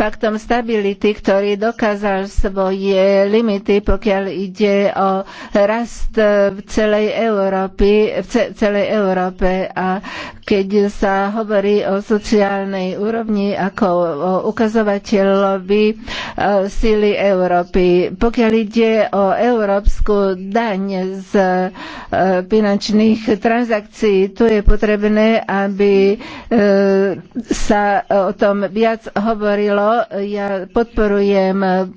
paktom stability, ktorý dokázal svoje limity, pokiaľ ide o rast v celej, Európy, v celej Európe a keď sa sa hovorí o sociálnej úrovni ako o ukazovateľovi e, síly Európy. Pokiaľ ide o európsku daň z e, finančných transakcií, tu je potrebné, aby e, sa o tom viac hovorilo. Ja podporujem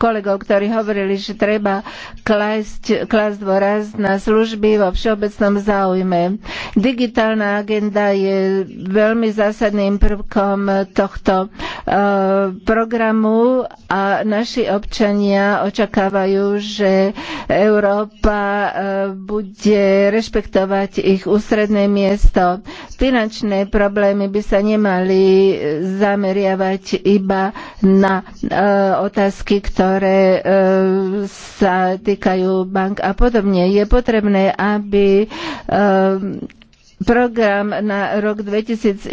kolegov, ktorí hovorili, že treba klásť, klásť dôraz na služby vo všeobecnom záujme. Digitálna agenda je veľmi zásadným prvkom tohto eh, programu a naši občania očakávajú, že Európa eh, bude rešpektovať ich ústredné miesto. Finančné problémy by sa nemali eh, zameriavať iba na otázky, ktoré ktoré e, sa týkajú bank a podobne. Je potrebné, aby e, program na rok 2011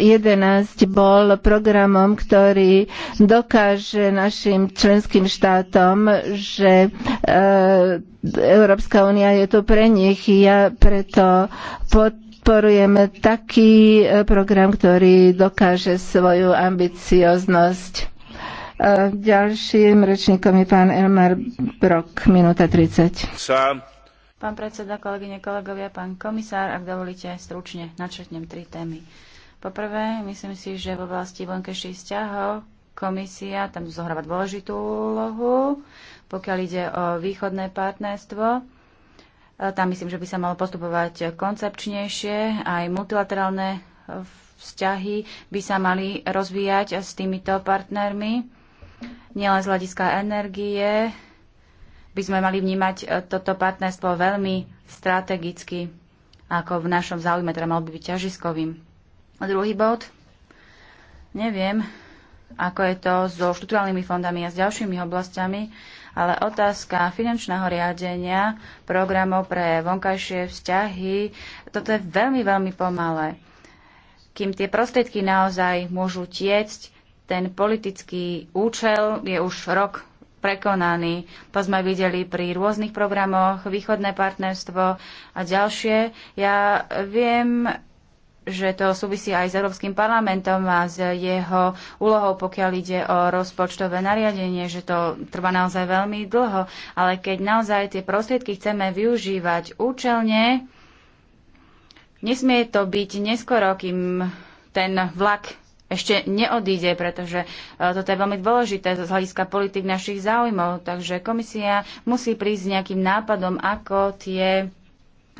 bol programom, ktorý dokáže našim členským štátom, že e, Európska únia je tu pre nich. Ja preto podporujeme taký program, ktorý dokáže svoju ambicioznosť Ďalším rečníkom je pán Elmar Brok, minúta 30. Sám. Pán predseda, kolegyne, kolegovia, pán komisár, ak dovolíte, stručne načrtnem tri témy. Poprvé, myslím si, že v oblasti vonkajších vzťahov komisia tam zohráva dôležitú úlohu, pokiaľ ide o východné partnerstvo. E, tam myslím, že by sa malo postupovať koncepčnejšie, aj multilaterálne vzťahy by sa mali rozvíjať s týmito partnermi Nielen z hľadiska energie by sme mali vnímať e, toto partnerstvo veľmi strategicky, ako v našom záujme, teda mal by byť ťažiskovým. A druhý bod, neviem, ako je to so štruktúralnými fondami a s ďalšími oblastiami, ale otázka finančného riadenia programov pre vonkajšie vzťahy, toto je veľmi, veľmi pomalé. Kým tie prostriedky naozaj môžu tiecť ten politický účel je už rok prekonaný. To sme videli pri rôznych programoch, východné partnerstvo a ďalšie. Ja viem, že to súvisí aj s Európskym parlamentom a s jeho úlohou, pokiaľ ide o rozpočtové nariadenie, že to trvá naozaj veľmi dlho. Ale keď naozaj tie prostriedky chceme využívať účelne, nesmie to byť neskoro, kým ten vlak ešte neodíde, pretože e, toto je veľmi dôležité z hľadiska politik našich záujmov. Takže komisia musí prísť s nejakým nápadom, ako tie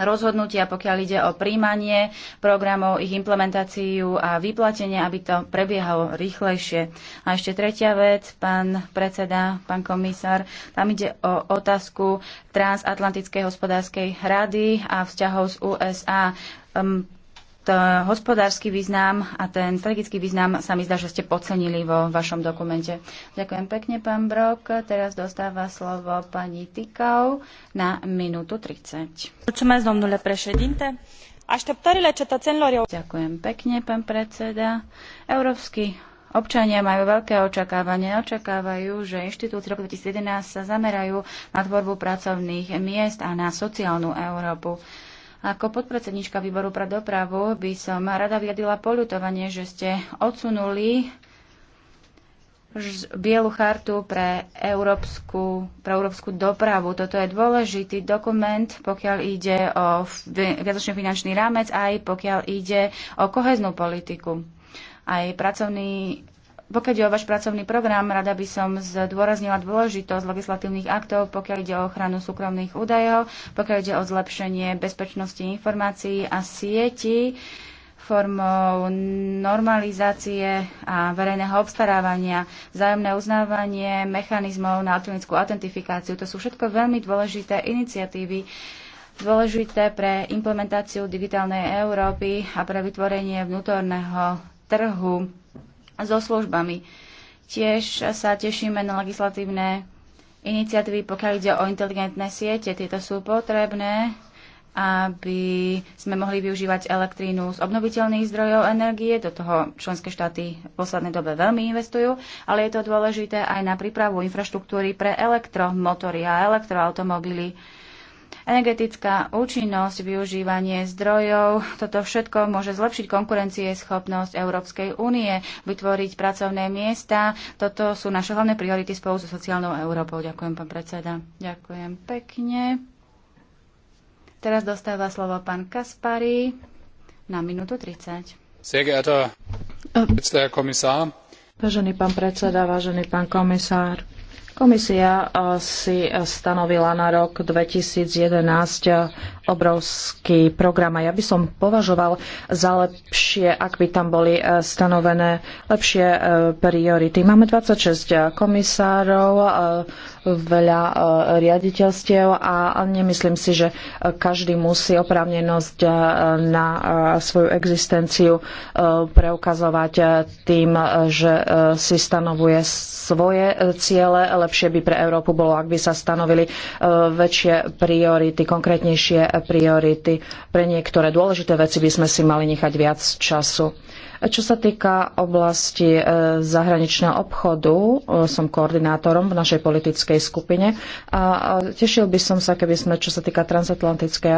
rozhodnutia, pokiaľ ide o príjmanie programov, ich implementáciu a vyplatenie, aby to prebiehalo rýchlejšie. A ešte tretia vec, pán predseda, pán komisár, tam ide o otázku Transatlantickej hospodárskej rady a vzťahov z USA. E, hospodársky význam a ten strategický význam sa mi zdá, že ste podcenili vo vašom dokumente. Ďakujem pekne, pán Brok. Teraz dostáva slovo pani Tikau na minútu 30. Mulțumesc, domnule președinte. Așteptările cetățenilor... Ďakujem pekne, pán predseda. Európsky Občania majú veľké očakávania, očakávajú, že inštitúcie roku 2011 sa zamerajú na tvorbu pracovných miest a na sociálnu Európu. Ako podpredsednička výboru pre dopravu by som rada vyjadila poľutovanie, že ste odsunuli bielu chartu pre európsku, pre európsku dopravu. Toto je dôležitý dokument, pokiaľ ide o viacočný finančný rámec, aj pokiaľ ide o koheznú politiku. Aj pracovný pokiaľ ide o váš pracovný program, rada by som zdôraznila dôležitosť legislatívnych aktov, pokiaľ ide o ochranu súkromných údajov, pokiaľ ide o zlepšenie bezpečnosti informácií a sieti formou normalizácie a verejného obstarávania, vzájomné uznávanie mechanizmov na elektronickú autentifikáciu. To sú všetko veľmi dôležité iniciatívy, dôležité pre implementáciu digitálnej Európy a pre vytvorenie vnútorného trhu so službami. Tiež sa tešíme na legislatívne iniciatívy, pokiaľ ide o inteligentné siete. Tieto sú potrebné, aby sme mohli využívať elektrínu z obnoviteľných zdrojov energie. Do toho členské štáty v poslednej dobe veľmi investujú, ale je to dôležité aj na prípravu infraštruktúry pre elektromotory a elektroautomobily Energetická účinnosť, využívanie zdrojov, toto všetko môže zlepšiť schopnosť Európskej únie, vytvoriť pracovné miesta. Toto sú naše hlavné priority spolu so sociálnou Európou. Ďakujem, pán predseda. Ďakujem pekne. Teraz dostáva slovo pán Kaspari na minútu 30. Sehr geehrter Herr Vážený pán predseda, vážený pán komisár, Komisia eh, si eh, stanovila na rok 2011 obrovský program a ja by som považoval za lepšie, ak by tam boli e, stanovené lepšie e, priority. Máme 26 komisárov, e, veľa riaditeľstiev a nemyslím si, že každý musí oprávnenosť na svoju existenciu preukazovať tým, že si stanovuje svoje ciele. Lepšie by pre Európu bolo, ak by sa stanovili väčšie priority, konkrétnejšie priority. Pre niektoré dôležité veci by sme si mali nechať viac času. Čo sa týka oblasti e, zahraničného obchodu, e, som koordinátorom v našej politickej skupine a tešil by som sa, keby sme, čo sa týka transatlantickej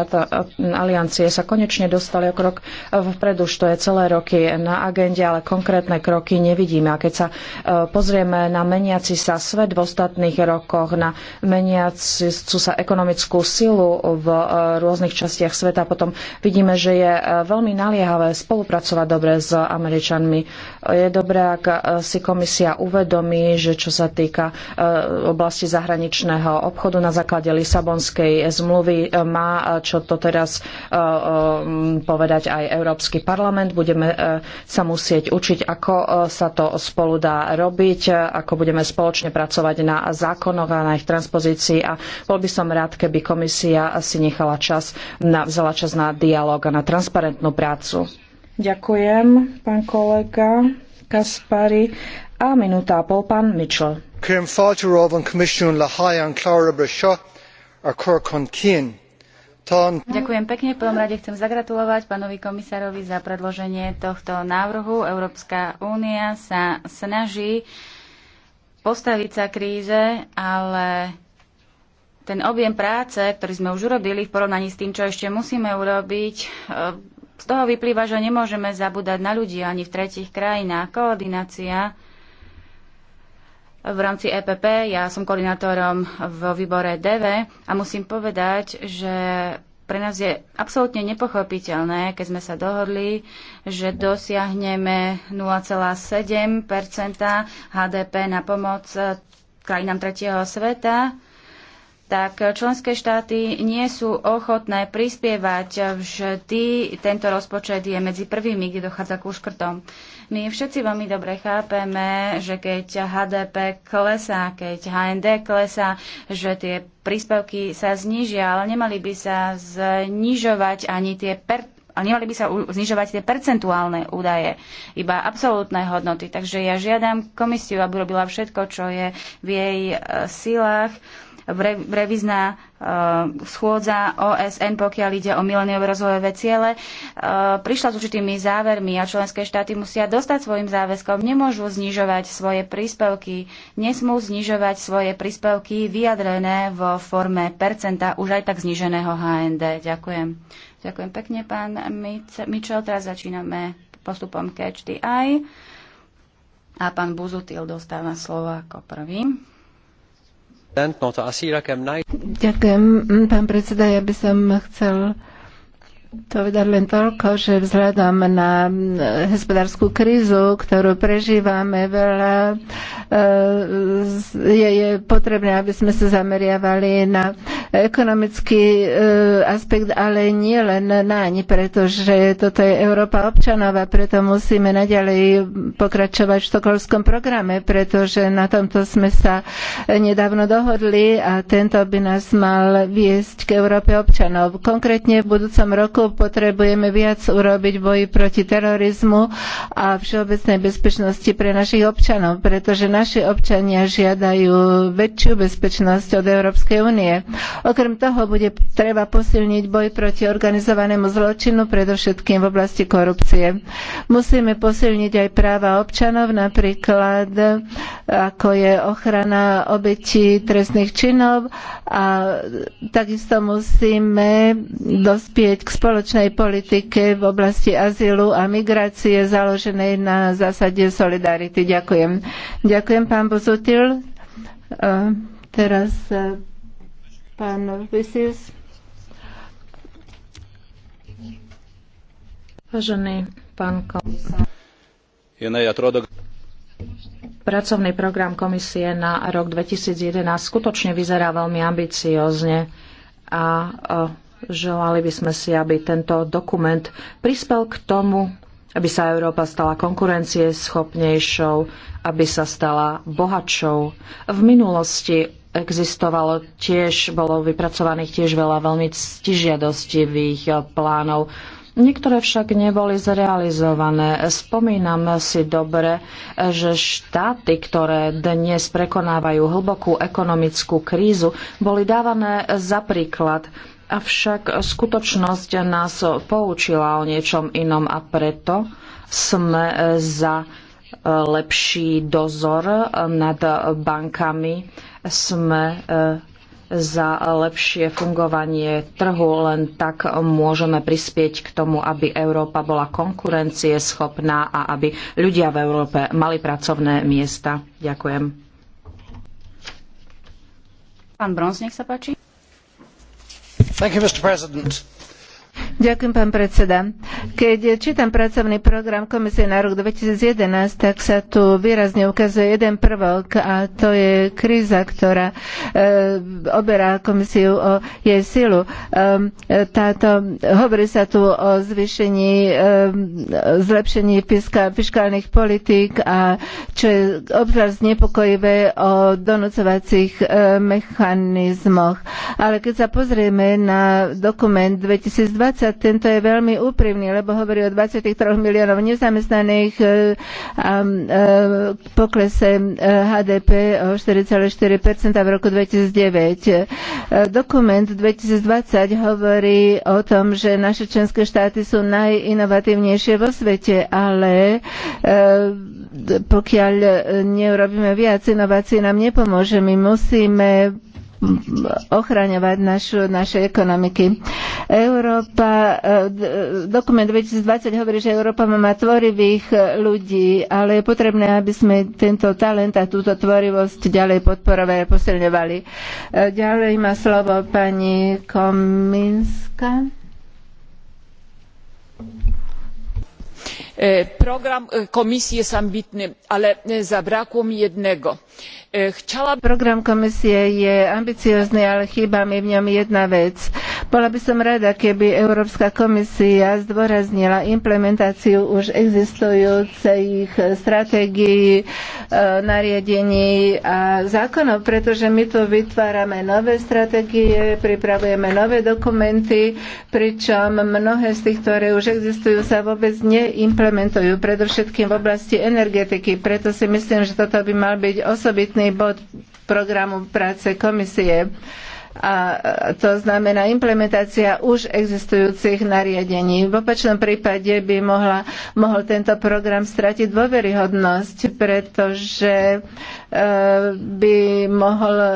aliancie, sa konečne dostali o krok vpred. Už to je celé roky na agende, ale konkrétne kroky nevidíme. A keď sa e, pozrieme na meniaci sa svet v ostatných rokoch, na meniacu sa ekonomickú silu v rôznych častiach sveta, potom vidíme, že je veľmi naliehavé spolupracovať dobre s Američanmi. Je dobré, ak e, si komisia uvedomí, že čo sa týka e, oblasti zahraničného obchodu na základe Lisabonskej zmluvy e, má čo to teraz povedať aj Európsky parlament. Budeme sa musieť učiť, ako sa to spolu dá robiť, ako budeme spoločne pracovať na zákonoch a na ich transpozícii a bol by som rád, keby komisia si nechala čas, na, vzala čas na dialog a na transparentnú prácu. Ďakujem, pán kolega Kaspari. A minúta a pol, pán Mitchell. ar Ďakujem pekne. V prvom rade chcem zagratulovať pánovi komisárovi za predloženie tohto návrhu. Európska únia sa snaží postaviť sa kríze, ale ten objem práce, ktorý sme už urobili v porovnaní s tým, čo ešte musíme urobiť, z toho vyplýva, že nemôžeme zabúdať na ľudí ani v tretich krajinách. Koordinácia v rámci EPP, ja som koordinátorom v výbore DV a musím povedať, že pre nás je absolútne nepochopiteľné, keď sme sa dohodli, že dosiahneme 0,7 HDP na pomoc eh, krajinám tretieho sveta tak členské štáty nie sú ochotné prispievať vždy. Tento rozpočet je medzi prvými, kde dochádza k úškrtom. My všetci veľmi dobre chápeme, že keď HDP klesá, keď HND klesá, že tie príspevky sa znižia, ale nemali by sa znižovať ani tie per- ale nemali by sa znižovať tie percentuálne údaje, iba absolútne hodnoty. Takže ja žiadam komisiu, aby robila všetko, čo je v jej e, silách, revizná e, schôdza OSN, pokiaľ ide o mileniové rozvojové ciele, e, prišla s určitými závermi a členské štáty musia dostať svojim záväzkom, nemôžu znižovať svoje príspevky, nesmú znižovať svoje príspevky vyjadrené vo forme percenta už aj tak zniženého HND. Ďakujem. Ďakujem pekne, pán Mitchell. Teraz začíname postupom Catch the Eye. A pán Buzutil dostáva slovo ako prvý. Ďakujem, pán predseda, ja by som chcel povedať len toľko, že vzhľadom na e, hospodárskú krízu, ktorú prežívame veľa, e, je, je potrebné, aby sme sa zameriavali na ekonomický e, aspekt, ale nie len naň, pretože toto je Európa občanov a preto musíme naďalej pokračovať v štokholskom programe, pretože na tomto sme sa nedávno dohodli a tento by nás mal viesť k Európe občanov. Konkrétne v budúcom roku roku. Potrebujeme viac urobiť v boji proti terorizmu a všeobecnej bezpečnosti pre našich občanov, pretože naši občania žiadajú väčšiu bezpečnosť od Európskej únie. Okrem toho bude treba posilniť boj proti organizovanému zločinu, predovšetkým v oblasti korupcie. Musíme posilniť aj práva občanov, napríklad ako je ochrana obetí trestných činov a takisto musíme dospieť k spoločnosti spoločnej politike v oblasti azylu a migrácie založenej na zásade solidarity. Ďakujem. Ďakujem, pán Bozutil. E, teraz e, pán Vysis. Vážený pán komisár. Pracovný program komisie na rok 2011 skutočne vyzerá veľmi ambiciozne a Želali by sme si, aby tento dokument prispel k tomu, aby sa Európa stala konkurencieschopnejšou, aby sa stala bohatšou. V minulosti existovalo tiež, bolo vypracovaných tiež veľa veľmi stižiadostivých plánov. Niektoré však neboli zrealizované. Spomínam si dobre, že štáty, ktoré dnes prekonávajú hlbokú ekonomickú krízu, boli dávané za príklad. Avšak skutočnosť nás poučila o niečom inom a preto sme e, za e, lepší dozor nad bankami, sme e, za lepšie fungovanie trhu, len tak môžeme prispieť k tomu, aby Európa bola konkurencieschopná a aby ľudia v Európe mali pracovné miesta. Ďakujem. Pán Bronz, nech sa páči mr president Ďakujem, pán predseda. Keď čítam pracovný program Komisie na rok 2011, tak sa tu výrazne ukazuje jeden prvok a to je kríza, ktorá e, oberá komisiu o jej silu. E, táto, hovorí sa tu o zvýšení, e, zlepšení fiska, fiskálnych politík a čo je obzvlášť znepokojivé o donúcovacích e, mechanizmoch. Ale keď sa pozrieme na dokument 2020, tento je veľmi úprimný, lebo hovorí o 23 miliónov nezamestnaných e, a e, poklese e, HDP o 4,4% v roku 2009. Dokument 2020 hovorí o tom, že naše členské štáty sú najinovatívnejšie vo svete, ale pokiaľ neurobíme viac, inovácií nám nepomôže. My musíme ochraňovať našu, naše ekonomiky. Európa, e, dokument 2020 hovorí, že Európa má tvorivých e, ľudí, ale je potrebné, aby sme tento talent a túto tvorivosť ďalej podporovali a posilňovali. E, ďalej má slovo pani Kominska. E, program e, komisji jest ambitny ale e, zabrakło mi jednego program Komisji jest ambiciózny ale chyba mi w ňom jedna vec bola by som rada, keby Európska komisia zdôraznila implementáciu už existujúcich eh, stratégií, eh, nariadení a zákonov, pretože my tu vytvárame nové stratégie, pripravujeme nové dokumenty, pričom mnohé z tých, ktoré už existujú, sa vôbec neimplementujú, predovšetkým v oblasti energetiky. Preto si myslím, že toto by mal byť osobitný bod programu práce komisie a e, to znamená implementácia už existujúcich nariadení. V opačnom prípade by mohla, mohol tento program stratiť dôveryhodnosť, pretože e, by mohol e,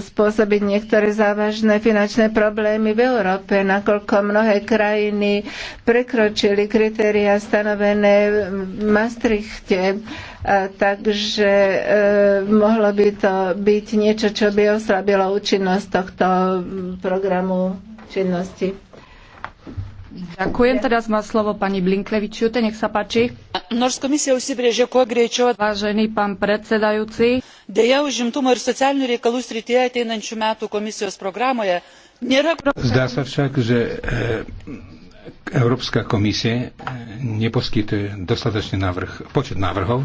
spôsobiť niektoré závažné finančné problémy v Európe, nakoľko mnohé krajiny prekročili kritéria stanovené v Maastrichte takže e, mohlo by to byť niečo, čo by oslabilo účinnosť tohto programu činnosti. Ďakujem. Teraz má slovo pani Blinklevičiute. Nech sa páči. Nors komisija užsibrėžė kuo greičiau. Vážený pán predsedajúci. Deja užimtumo ir socialinių reikalų srityje ateinančių metų komisijos programoje nėra. Zdá sa však, že e, Európska komisie eh, neposkytuje dostatočný návrh, počet návrhov.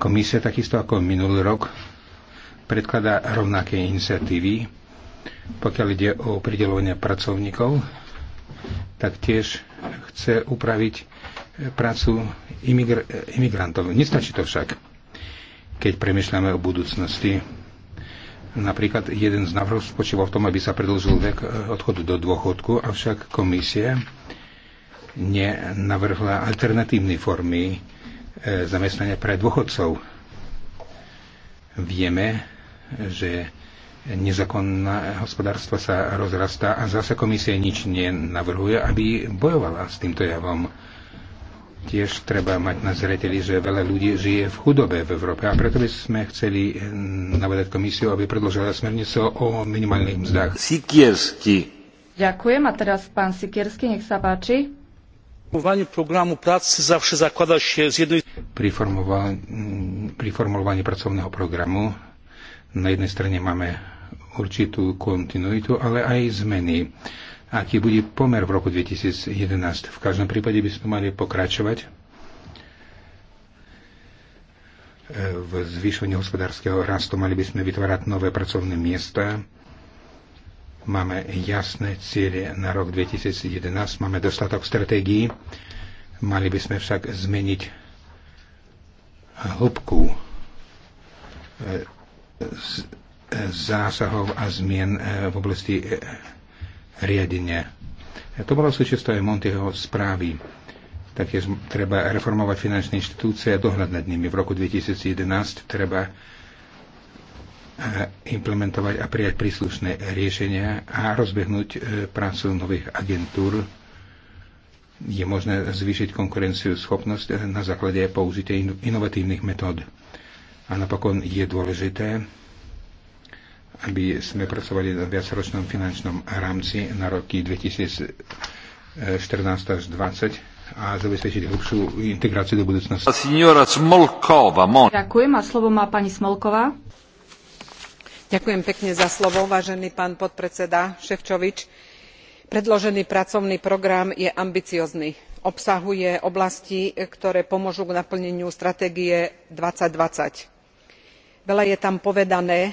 Komisia takisto ako minulý rok predkladá rovnaké iniciatívy, pokiaľ ide o pridelovanie pracovníkov, tak tiež chce upraviť eh, prácu imigr- eh, imigrantov. Nestačí to však, keď premyšľame o budúcnosti Napríklad jeden z návrhov spočíval v tom, aby sa predlžil vek e, odchodu do dôchodku, avšak komisia nenavrhla alternatívne formy e, zamestnania pre dôchodcov. Vieme, že nezákonné hospodárstvo sa rozrastá a zase komisia nič nenavrhuje, aby bojovala s týmto javom. Tiež treba mať na zreteli, že veľa ľudí žije v chudobe v Európe a preto by sme chceli eh, navedať komisiu, aby predložila smernicu o minimálnych mzdách. Sikiersky. Ďakujem a teraz pán Sikiersky, nech sa páči. Pri, mm, pri formulovaní pracovného programu na jednej strane máme určitú kontinuitu, ale aj zmeny aký bude pomer v roku 2011. V každom prípade by sme mali pokračovať e, v zvýšení hospodárskeho rastu, mali by sme vytvárať nové pracovné miesta, máme jasné cieľe na rok 2011, máme dostatok stratégií, mali by sme však zmeniť hĺbku e, e, zásahov a zmien v oblasti riadenia. To bolo súčasťou aj Montyho správy. Také treba reformovať finančné inštitúcie a dohľad nad nimi. V roku 2011 treba eh, implementovať a prijať príslušné riešenia a rozbehnúť eh, prácu nových agentúr. Je možné zvýšiť konkurenciu schopnosť eh, na základe použitia inovatívnych metód. A napokon je dôležité aby sme pracovali na viacročnom finančnom rámci na roky 2014 až 2020 a zabezpečiť hlubšiu integráciu do budúcnosti. Ďakujem a slovo má pani Smolková. Ďakujem pekne za slovo, vážený pán podpredseda Ševčovič. Predložený pracovný program je ambiciozný. Obsahuje oblasti, ktoré pomôžu k naplneniu stratégie 2020. Veľa je tam povedané,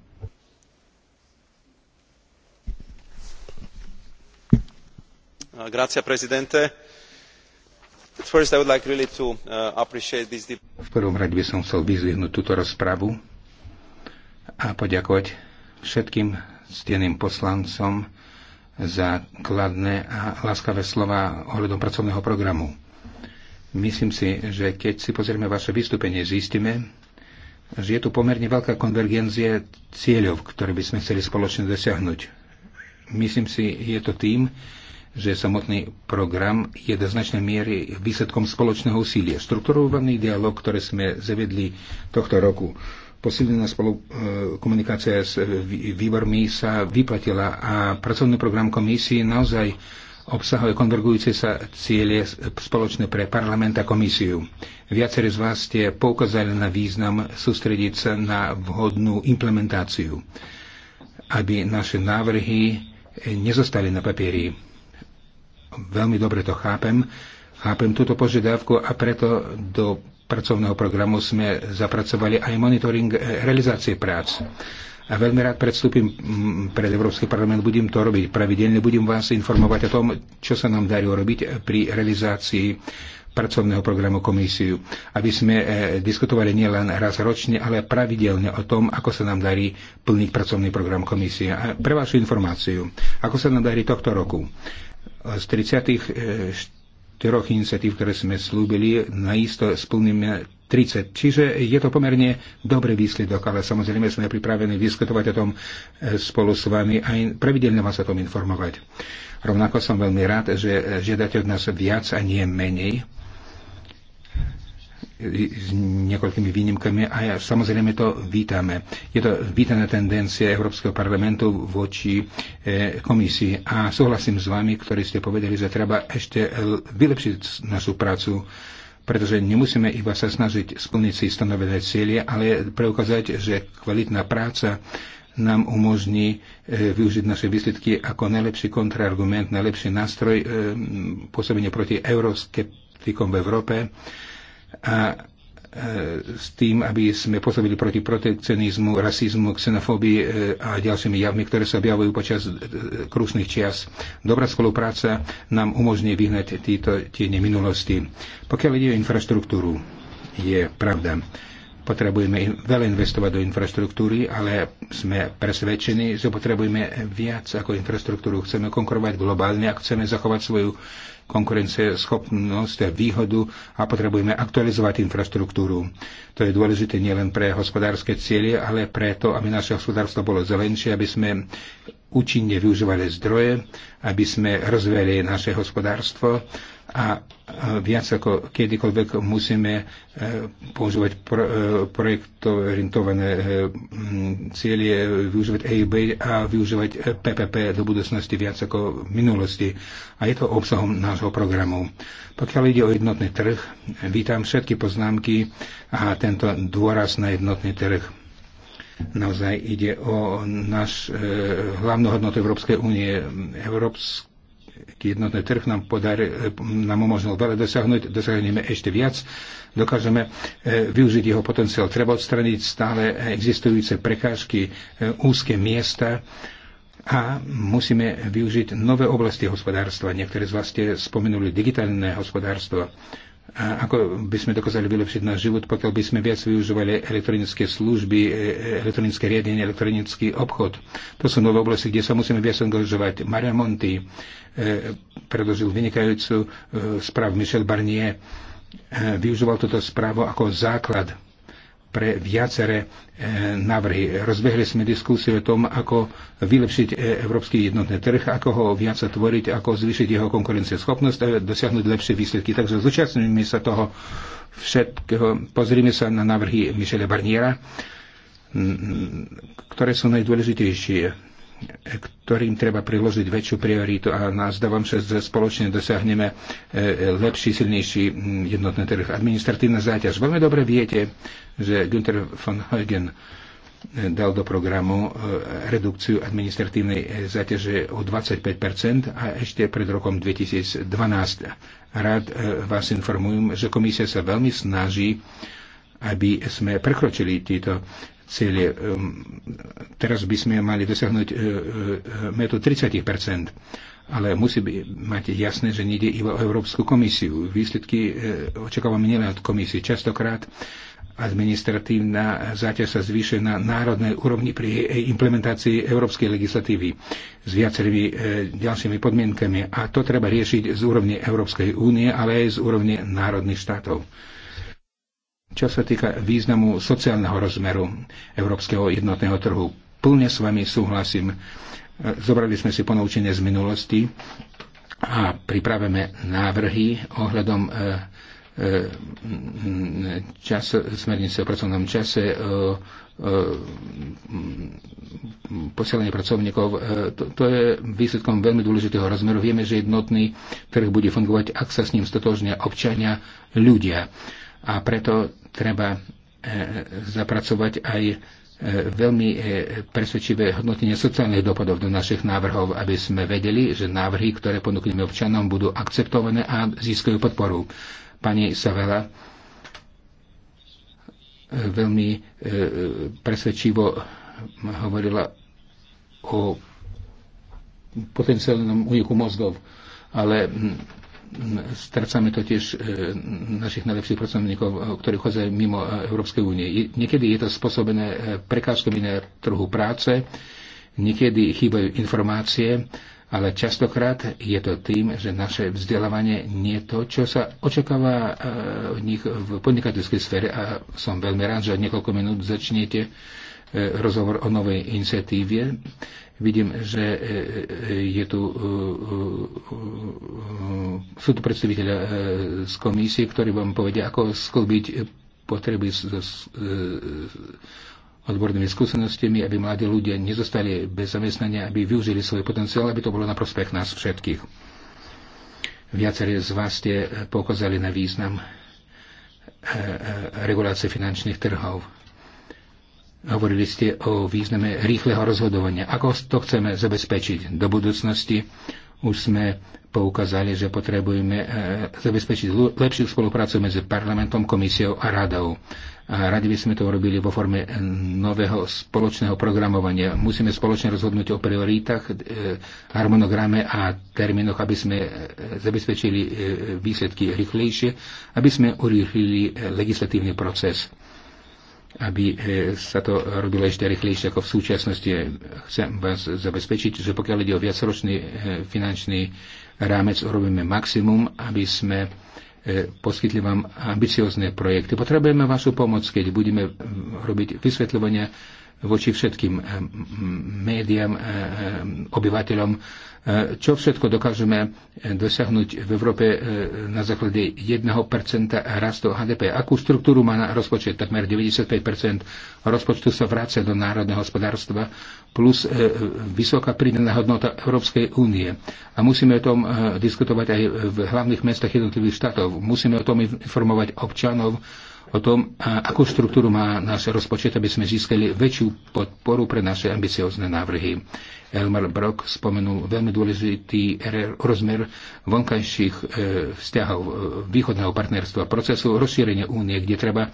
Uh, uh, v prvom rade by som chcel vyzvihnúť túto rozpravu a poďakovať všetkým steným poslancom za kladné a láskavé slova ohľadom pracovného programu. Myslím si, že keď si pozrieme vaše vystúpenie, zistíme, že je tu pomerne veľká konvergencia cieľov, ktoré by sme chceli spoločne dosiahnuť. Myslím si, je to tým, že samotný program je do značnej miery výsledkom spoločného úsilia. Strukturovaný dialog, ktorý sme zavedli tohto roku, posilnená spolu, e, komunikácia s výbormi sa vyplatila a pracovný program komisie naozaj obsahuje konvergujúce sa cieľe spoločné pre parlament a komisiu. Viacerí z vás ste poukázali na význam sústrediť sa na vhodnú implementáciu, aby naše návrhy nezostali na papieri veľmi dobre to chápem, chápem túto požiadavku a preto do pracovného programu sme zapracovali aj monitoring e, realizácie prác. A veľmi rád predstúpim pred Európsky parlament, budem to robiť pravidelne, budem vás informovať o tom, čo sa nám darí robiť pri realizácii pracovného programu komisiu, aby sme e, diskutovali nielen raz ročne, ale pravidelne o tom, ako sa nám darí plniť pracovný program komisie. A pre vašu informáciu, ako sa nám darí tohto roku. Z 34 e, iniciatív, ktoré sme slúbili, naisto splníme 30. Čiže je to pomerne dobrý výsledok, ale samozrejme sme pripravení diskutovať o tom e, spolu s vami a pravidelne vás o tom informovať. Rovnako som veľmi rád, že e, žiadate od nás viac a nie menej s niekoľkými výnimkami a samozrejme to vítame. Je to vítaná tendencia Európskeho parlamentu voči e, komisii a súhlasím s vami, ktorí ste povedali, že treba ešte vylepšiť našu prácu pretože nemusíme iba sa snažiť splniť si stanovené cieľe, ale preukázať, že kvalitná práca nám umožní e, využiť naše výsledky ako najlepší kontraargument, najlepší nástroj e, pôsobenia proti euroskeptikom v Európe a e, s tým, aby sme pôsobili proti protekcionizmu, rasizmu, xenofóbii e, a ďalšími javmi, ktoré sa objavujú počas e, krúsnych čias. Dobrá spolupráca nám umožní vyhnať títo tie minulosti. Pokiaľ ide o infraštruktúru, je pravda. Potrebujeme veľa investovať do infraštruktúry, ale sme presvedčení, že potrebujeme viac ako infraštruktúru. Chceme konkurovať globálne, a chceme zachovať svoju konkurencieschopnosť a výhodu a potrebujeme aktualizovať infraštruktúru. To je dôležité nielen pre hospodárske cieľe, ale preto, aby naše hospodárstvo bolo zelenšie, aby sme účinne využívali zdroje, aby sme rozveli naše hospodárstvo a e, viac ako kedykoľvek musíme e, používať pro, e, projekt orientované cieľe, využívať EIB a využívať PPP do budúcnosti viac ako v minulosti. A je to obsahom nášho programu. Pokiaľ ide o jednotný trh, vítam všetky poznámky a tento dôraz na jednotný trh. Naozaj ide o náš e, hlavnú hodnotu Európskej únie. Európsk jednotný trh nám, podar, e, nám umožnil veľa dosiahnuť, dosiahneme ešte viac, dokážeme e, využiť jeho potenciál. Treba odstraniť stále existujúce prekážky, e, úzke miesta a musíme využiť nové oblasti hospodárstva. Niektoré z vás ste spomenuli digitálne hospodárstvo ako by sme dokázali vylepšiť náš život, pokiaľ by sme viac využívali elektronické služby, e, e, elektronické riadenie, elektronický obchod. To sú nové oblasti, kde sa musíme viac angažovať. Maria Monti eh, predložil vynikajúcu eh, správu Michel Barnier, eh, využíval túto správu ako základ pre viaceré e, návrhy. Rozbehli sme diskusiu o tom, ako vylepšiť e, európsky jednotný trh, ako ho viac tvoriť, ako zvýšiť jeho konkurencieschopnosť a dosiahnuť lepšie výsledky. Takže zúčastňujeme sa toho všetkého. Pozrime sa na návrhy Michela Barniera, ktoré sú najdôležitejšie ktorým treba priložiť väčšiu prioritu a nazdávam že spoločne dosiahneme e, lepší, silnejší jednotný trh. Administratívna záťaž. Veľmi dobre viete, že Günther von Heugen e, dal do programu e, redukciu administratívnej záťaže o 25 a ešte pred rokom 2012. Rád vás informujem, že komisia sa veľmi snaží aby sme prekročili tieto cieľe. Ehm, teraz by sme mali dosiahnuť e, e, metu 30 ale musí mať jasné, že nejde iba o Európsku komisiu. Výsledky e, očakávame nielen od komisie. Častokrát administratívna záťaž sa zvýšuje na národnej úrovni pri implementácii európskej legislatívy s viacerými ďalšími podmienkami. A to treba riešiť z úrovne Európskej únie, ale aj z úrovne národných štátov. Čo sa týka významu sociálneho rozmeru európskeho jednotného trhu, plne s vami súhlasím. E, zobrali sme si ponaučenie z minulosti a pripravíme návrhy ohľadom e, e, čas, smernice o pracovnom čase, posielanie pracovníkov. To, to je výsledkom veľmi dôležitého rozmeru. Vieme, že jednotný trh bude fungovať, ak sa s ním stotožnia občania, ľudia a preto treba e, zapracovať aj e, veľmi e, presvedčivé hodnotenie sociálnych dopadov do našich návrhov, aby sme vedeli, že návrhy, ktoré ponúkneme občanom, budú akceptované a získajú podporu. Pani Savela veľmi presvedčivo hovorila o potenciálnom úniku mozgov, ale strácame totiž e, našich najlepších pracovníkov, e, ktorí chodzajú mimo e, Európskej únie. Niekedy je to spôsobené prekážkami na trhu práce, niekedy chýbajú informácie, ale častokrát je to tým, že naše vzdelávanie nie je to, čo sa očakáva v nich v podnikateľskej sfére a som veľmi rád, že niekoľko minút začnete rozhovor o novej iniciatíve Vidím, že e, e, je tu, e, sú tu predstaviteľa z komisie, ktorí vám povedia, ako sklbiť potreby s, s odbornými skúsenostiami, aby mladí ľudia nezostali bez zamestnania, aby využili svoj potenciál, aby to bolo na prospech nás všetkých. Viacerí z vás ste poukázali na význam regulácie finančných trhov Hovorili ste o význame rýchleho rozhodovania. Ako to chceme zabezpečiť do budúcnosti? Už sme poukázali, že potrebujeme e, zabezpečiť lepšiu spoluprácu medzi parlamentom, komisiou a radou. A radi by sme to urobili vo forme nového spoločného programovania. Musíme spoločne rozhodnúť o prioritách, e, harmonograme a termínoch, aby sme e, zabezpečili výsledky rýchlejšie, aby sme urýchlili legislatívny proces aby e, sa to robilo ešte rýchlejšie ako v súčasnosti. Chcem vás zabezpečiť, že pokiaľ ide o viacročný e, finančný rámec, urobíme maximum, aby sme e, poskytli vám ambiciozne projekty. Potrebujeme vašu pomoc, keď budeme mm, robiť vysvetľovania voči všetkým médiám, obyvateľom, čo všetko dokážeme eh, dosiahnuť v Európe eh, na základe 1% rastu HDP. Akú štruktúru má na rozpočet? Takmer 95% rozpočtu sa vrácia do národného hospodárstva plus eh, vysoká pridaná hodnota Európskej únie. A musíme o tom diskutovať aj v hlavných mestách jednotlivých štátov. Musíme o tom informovať občanov, o tom, akú štruktúru má náš rozpočet, aby sme získali väčšiu podporu pre naše ambiciozne návrhy. Elmer Brock spomenul veľmi dôležitý rozmer vonkajších e, vzťahov e, východného partnerstva, procesu rozšírenia únie, kde treba e,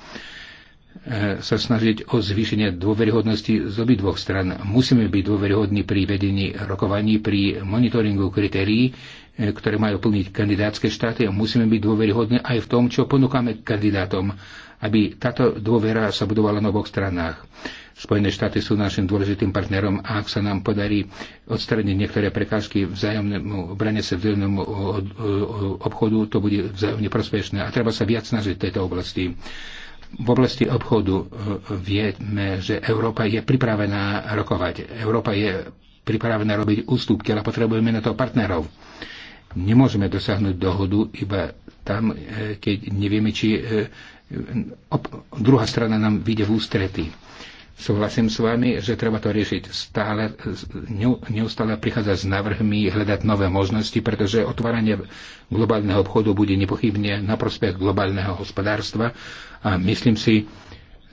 sa snažiť o zvýšenie dôveryhodnosti z obidvoch stran. Musíme byť dôveryhodní pri vedení rokovaní, pri monitoringu kritérií, ktoré majú plniť kandidátske štáty a musíme byť dôveryhodní aj v tom, čo ponúkame kandidátom aby táto dôvera sa budovala na oboch stranách. Spojené štáty sú našim dôležitým partnerom a ak sa nám podarí odstraniť niektoré prekážky vzájomnému branie sa vzájomnému obchodu, to bude vzájomne prospešné a treba sa viac snažiť v tejto oblasti. V oblasti obchodu e, vieme, že Európa je pripravená rokovať. Európa je pripravená robiť ústupky, ale potrebujeme na to partnerov. Nemôžeme dosiahnuť dohodu iba tam, e, keď nevieme, či e, druhá strana nám vyjde v ústretí. Súhlasím s vami, že treba to riešiť stále, neustále prichádzať s návrhmi, hľadať nové možnosti, pretože otváranie globálneho obchodu bude nepochybne na prospech globálneho hospodárstva a myslím si,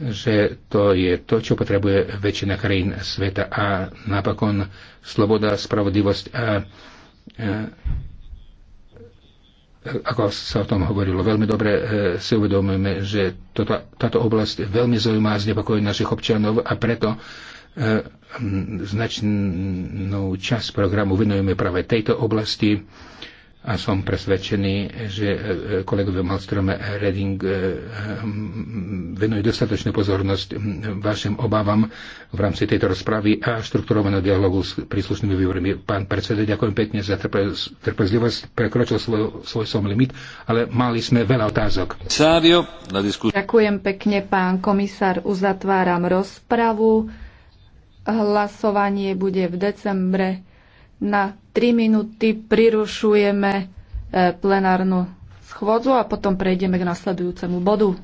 že to je to, čo potrebuje väčšina krajín sveta a napokon sloboda, spravodlivosť a, a e, ako sa o tom hovorilo, veľmi dobre e, si uvedomujeme, že toto, táto oblasť veľmi zaujímá a znepokojí našich občanov a preto e, značnú časť programu venujeme práve tejto oblasti a som presvedčený, že e, e, kolegovia Malstrom e, Reding venujú dostatočnú pozornosť vašim obávam v rámci tejto rozpravy a štrukturovaného dialogu s príslušnými výbormi. Pán predseda, ďakujem pekne za trpezlivosť. Prekročil svoj, svoj som limit, ale mali sme veľa otázok. Ďakujem pekne, pán komisár. Uzatváram rozpravu. Hlasovanie bude v decembre. Na 3 minúty prirušujeme e, plenárnu schôdzu a potom prejdeme k nasledujúcemu bodu.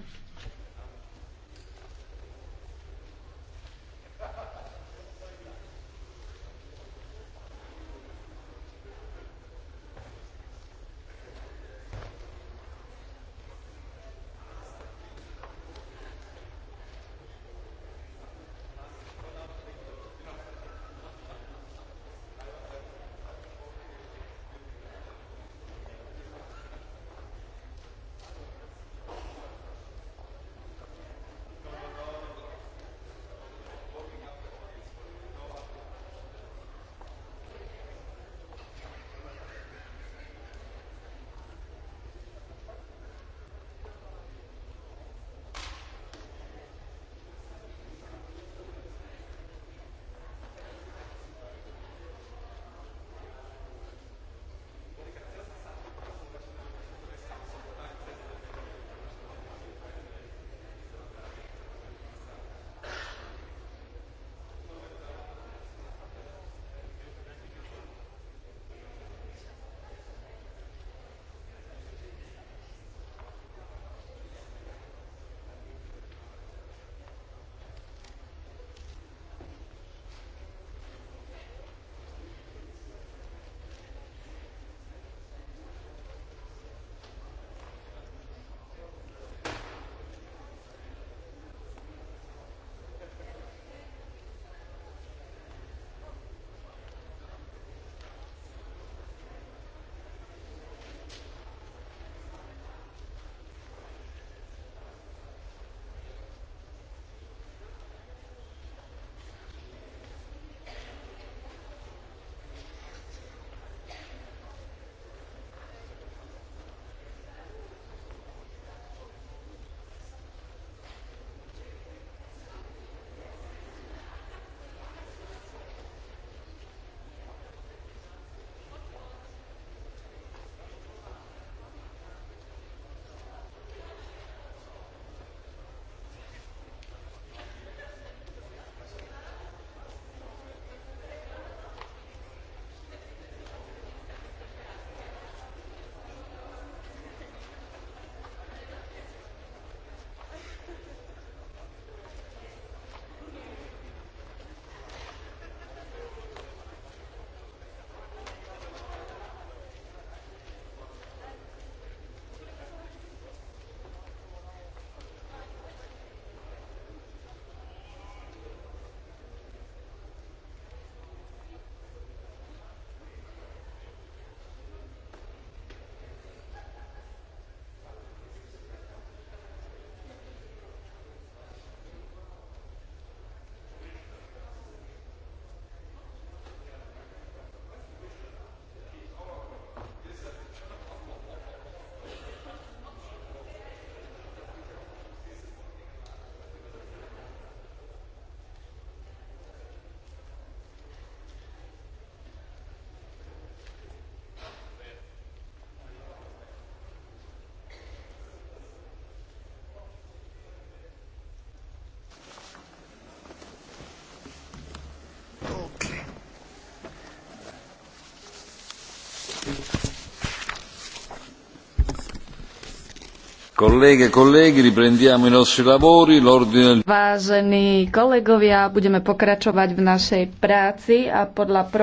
Kolege, kolegi, e riprendiamo i nostri lavori, l'ordine... Vážení kolegovia, budeme pokračovať v našej práci a podľa